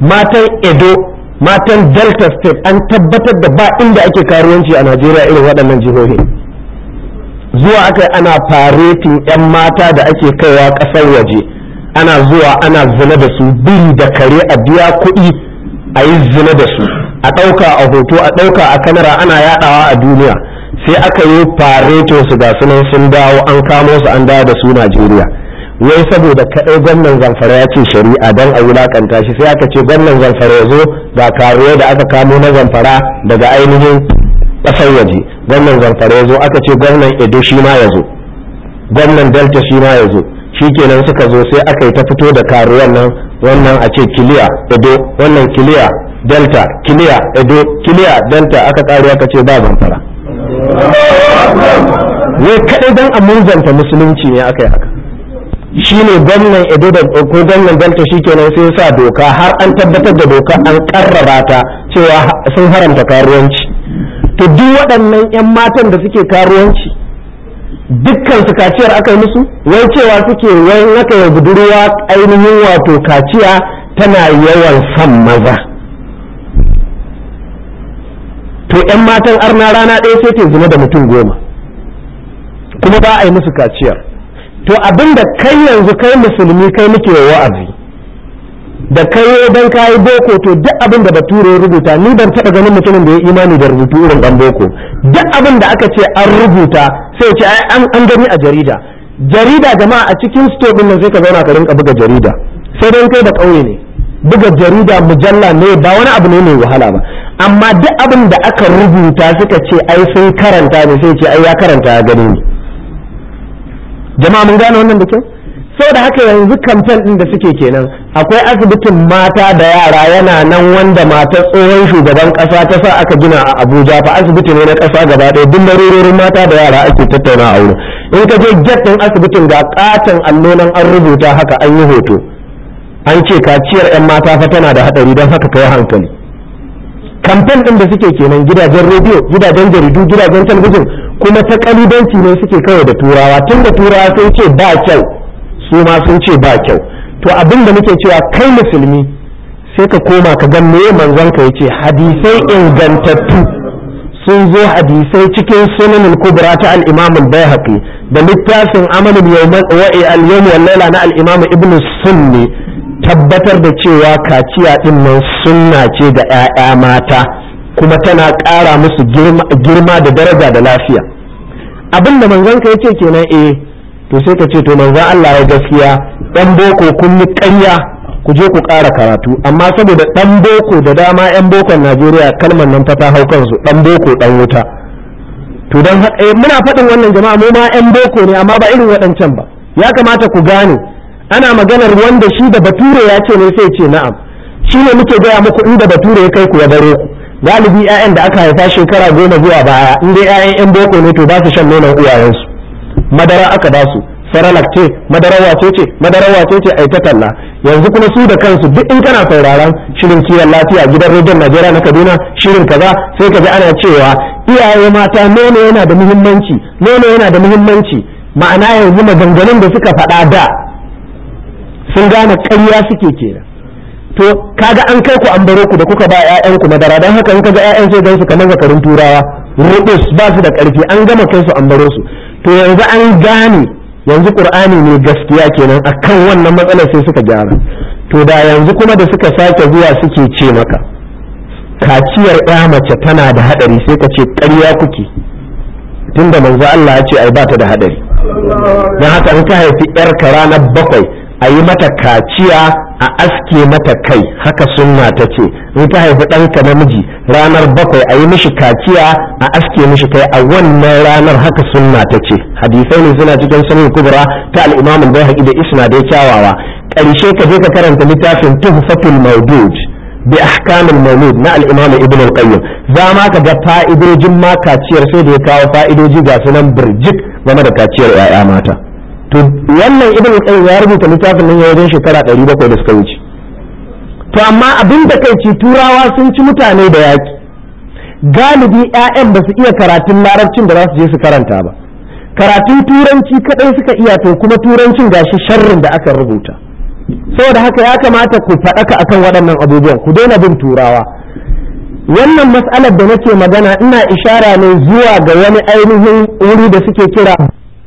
matan Edo matan delta state an tabbatar da ba inda ake karuwanci a najeriya irin waɗannan jihohi zuwa aka ana faretin 'yan mata da ake kaiwa ƙasar waje ana zuwa ana zina da su biri da kare a biya kuɗi a yi zina da su a ɗauka a hoto a ɗauka a kamera ana yaɗawa a duniya sai aka yi faretin su ga sunan sun dawo an kamo su an dawo da su najeriya wai saboda kaɗai gwamnan zamfara ya ce shari'a don a wulakanta shi sai aka ce gwamnan zamfara ya zo ga karuwa da aka kamo na zamfara daga ainihin kasar waje gwamnan zamfara ya zo aka ce gwamnan edo shi ma ya zo gwamnan delta shi ma ya zo shi kenan suka zo sai aka yi ta fito da karuwan nan wannan a ce kiliya edo wannan kiliya delta kiliya edo kiliya delta aka ƙari aka ce ba zamfara ne kaɗai don a murzanta musulunci ne aka yi haka shi ne gwamnan edo da ko gwamnan delta shi kenan sai sa doka har an tabbatar da doka an karraba ta cewa sun haramta karuwanci to duk waɗannan 'yan matan da suke karuwanci dukkan su kaciyar aka yi musu wai cewa suke wai aka yi budurwa ainihin wato kaciya tana yawan san maza to 'yan matan arna rana ɗaya sai ke zina da mutum goma kuma ba a yi musu kaciyar to abinda kai yanzu kai musulmi kai muke wa'azi da kai dan kayi boko to duk abin da bature ya rubuta ni ban taba ganin mutumin da ya imani da rubutu irin dan boko duk abin da aka ce an rubuta sai ce an gani a jarida jarida jama'a a cikin store din nan sai ka zauna ka rinka buga jarida sai dan kai da kauye ne buga jarida mujalla ne ba wani abu ne mai wahala ba amma duk abin da aka rubuta suka ce ai sai karanta ne sai ce ai ya karanta ya gani ne jama'a mun gane wannan da kyau sau da haka yanzu kamfen ɗin da suke kenan akwai asibitin mata da yara yana nan wanda matar tsohon shugaban ƙasa ta sa aka gina a abuja fa asibiti ne na ƙasa gaba ɗaya duk larurorin mata da yara ake tattauna a wurin in ka je get ɗin asibitin ga ƙaton allonan an rubuta haka an yi hoto an ce kaciyar 'yan mata fa tana da haɗari don haka kai hankali kamfen ɗin da suke kenan gidajen rediyo gidajen jaridu gidajen talabijin kuma ta kalibanci ne suke kawai da turawa tun da turawa sun ce ba kyau su ma sun ce ba kyau to abin da muke cewa kai musulmi sai ka koma ka ga me manzon ka yace hadisai ingantattu sun zo hadisai cikin sunan al-kubra ta al-imam al bayhaqi da littafin amal al-yawm wa al-layla na al-imam ibn sunni tabbatar da cewa kaciya din nan sunna ce ga 'ya'ya mata kuma tana kara musu girma da daraja da lafiya abinda da manzon ka yace kenan eh to sai ka ce to manzo Allah ya gaskiya dan boko kun yi ƙarya ku je ku ƙara karatu amma saboda dan boko da dama yan bokon Najeriya kalmar nan ta ta hau kansu dan boko dan wuta to dan eh muna faɗin wannan jama'a mu ma yan boko ne amma ba irin waɗancan ba ya kamata ku gane ana maganar wanda shi da bature ya ce ne sai ce na'am shi ne muke gaya muku inda bature ya kai ku ya bare ku galibi 'ya'yan da aka haifa shekara goma zuwa baya in dai 'ya'yan 'yan boko ne to ba su shan nonon uwayensu madara aka ba su saralak ce madara wace ce madara wace ce ai ta talla yanzu kuma su da kansu duk in kana sauraron shirin kiyan lafiya gidan rediyon Najeriya na Kaduna shirin kaza sai ka ji ana cewa iyaye mata nono yana da muhimmanci nono yana da muhimmanci ma'ana yanzu maganganun da suka faɗa da sun gane ƙarya suke kenan to kaga an kai ku an baro ku da kuka ba ƴaƴanku madara dan haka in kaga ƴaƴan sai gansu kamar zakarin turawa rubus ba su da ƙarfi an gama kai su an baro su to yanzu an gane yanzu qur'ani ne gaskiya kenan a kan wannan matsalar sai suka gyara to da yanzu kuma da suka sake zuwa suke ce maka kaciyar ya mace tana da hadari sai ka ce ƙarya kuke da manzo Allah ya ce ai ba ta da hadari dan haka in ka haifi yarka ranar bakwai a yi mata kaciya a aske mata kai haka sunna ta ce in ta haifi ɗanka namiji ranar bakwai a yi mishi kaciya a aske mishi kai a wannan ranar haka sunna ta ce hadisai ne suna cikin sunan kubra ta al'imamin bai haƙi da isna dai kyawawa ƙarshe ka je ka karanta littafin tuhfatul maudud bi ahkamul mawlud na al-imam ibn al-qayyim za ma ka ga fa'idojin ma kaciyar sai da ya kawo fa'idoji ga sunan birjik game da kaciyar 'ya'ya mata to wannan ibn qayyim ya rubuta littafin nan wajen shekara 700 da suka wuce to amma abin da kai ci turawa sun ci mutane da yaki galibi ƴaƴan ba su iya karatun larabcin da za su je su karanta ba karatun turanci kadai suka iya to kuma turancin gashi sharrin da aka rubuta saboda haka ya kamata ku faɗaka akan waɗannan abubuwan ku daina bin turawa wannan matsalar da nake magana ina ishara ne zuwa ga wani ainihin wuri da suke kira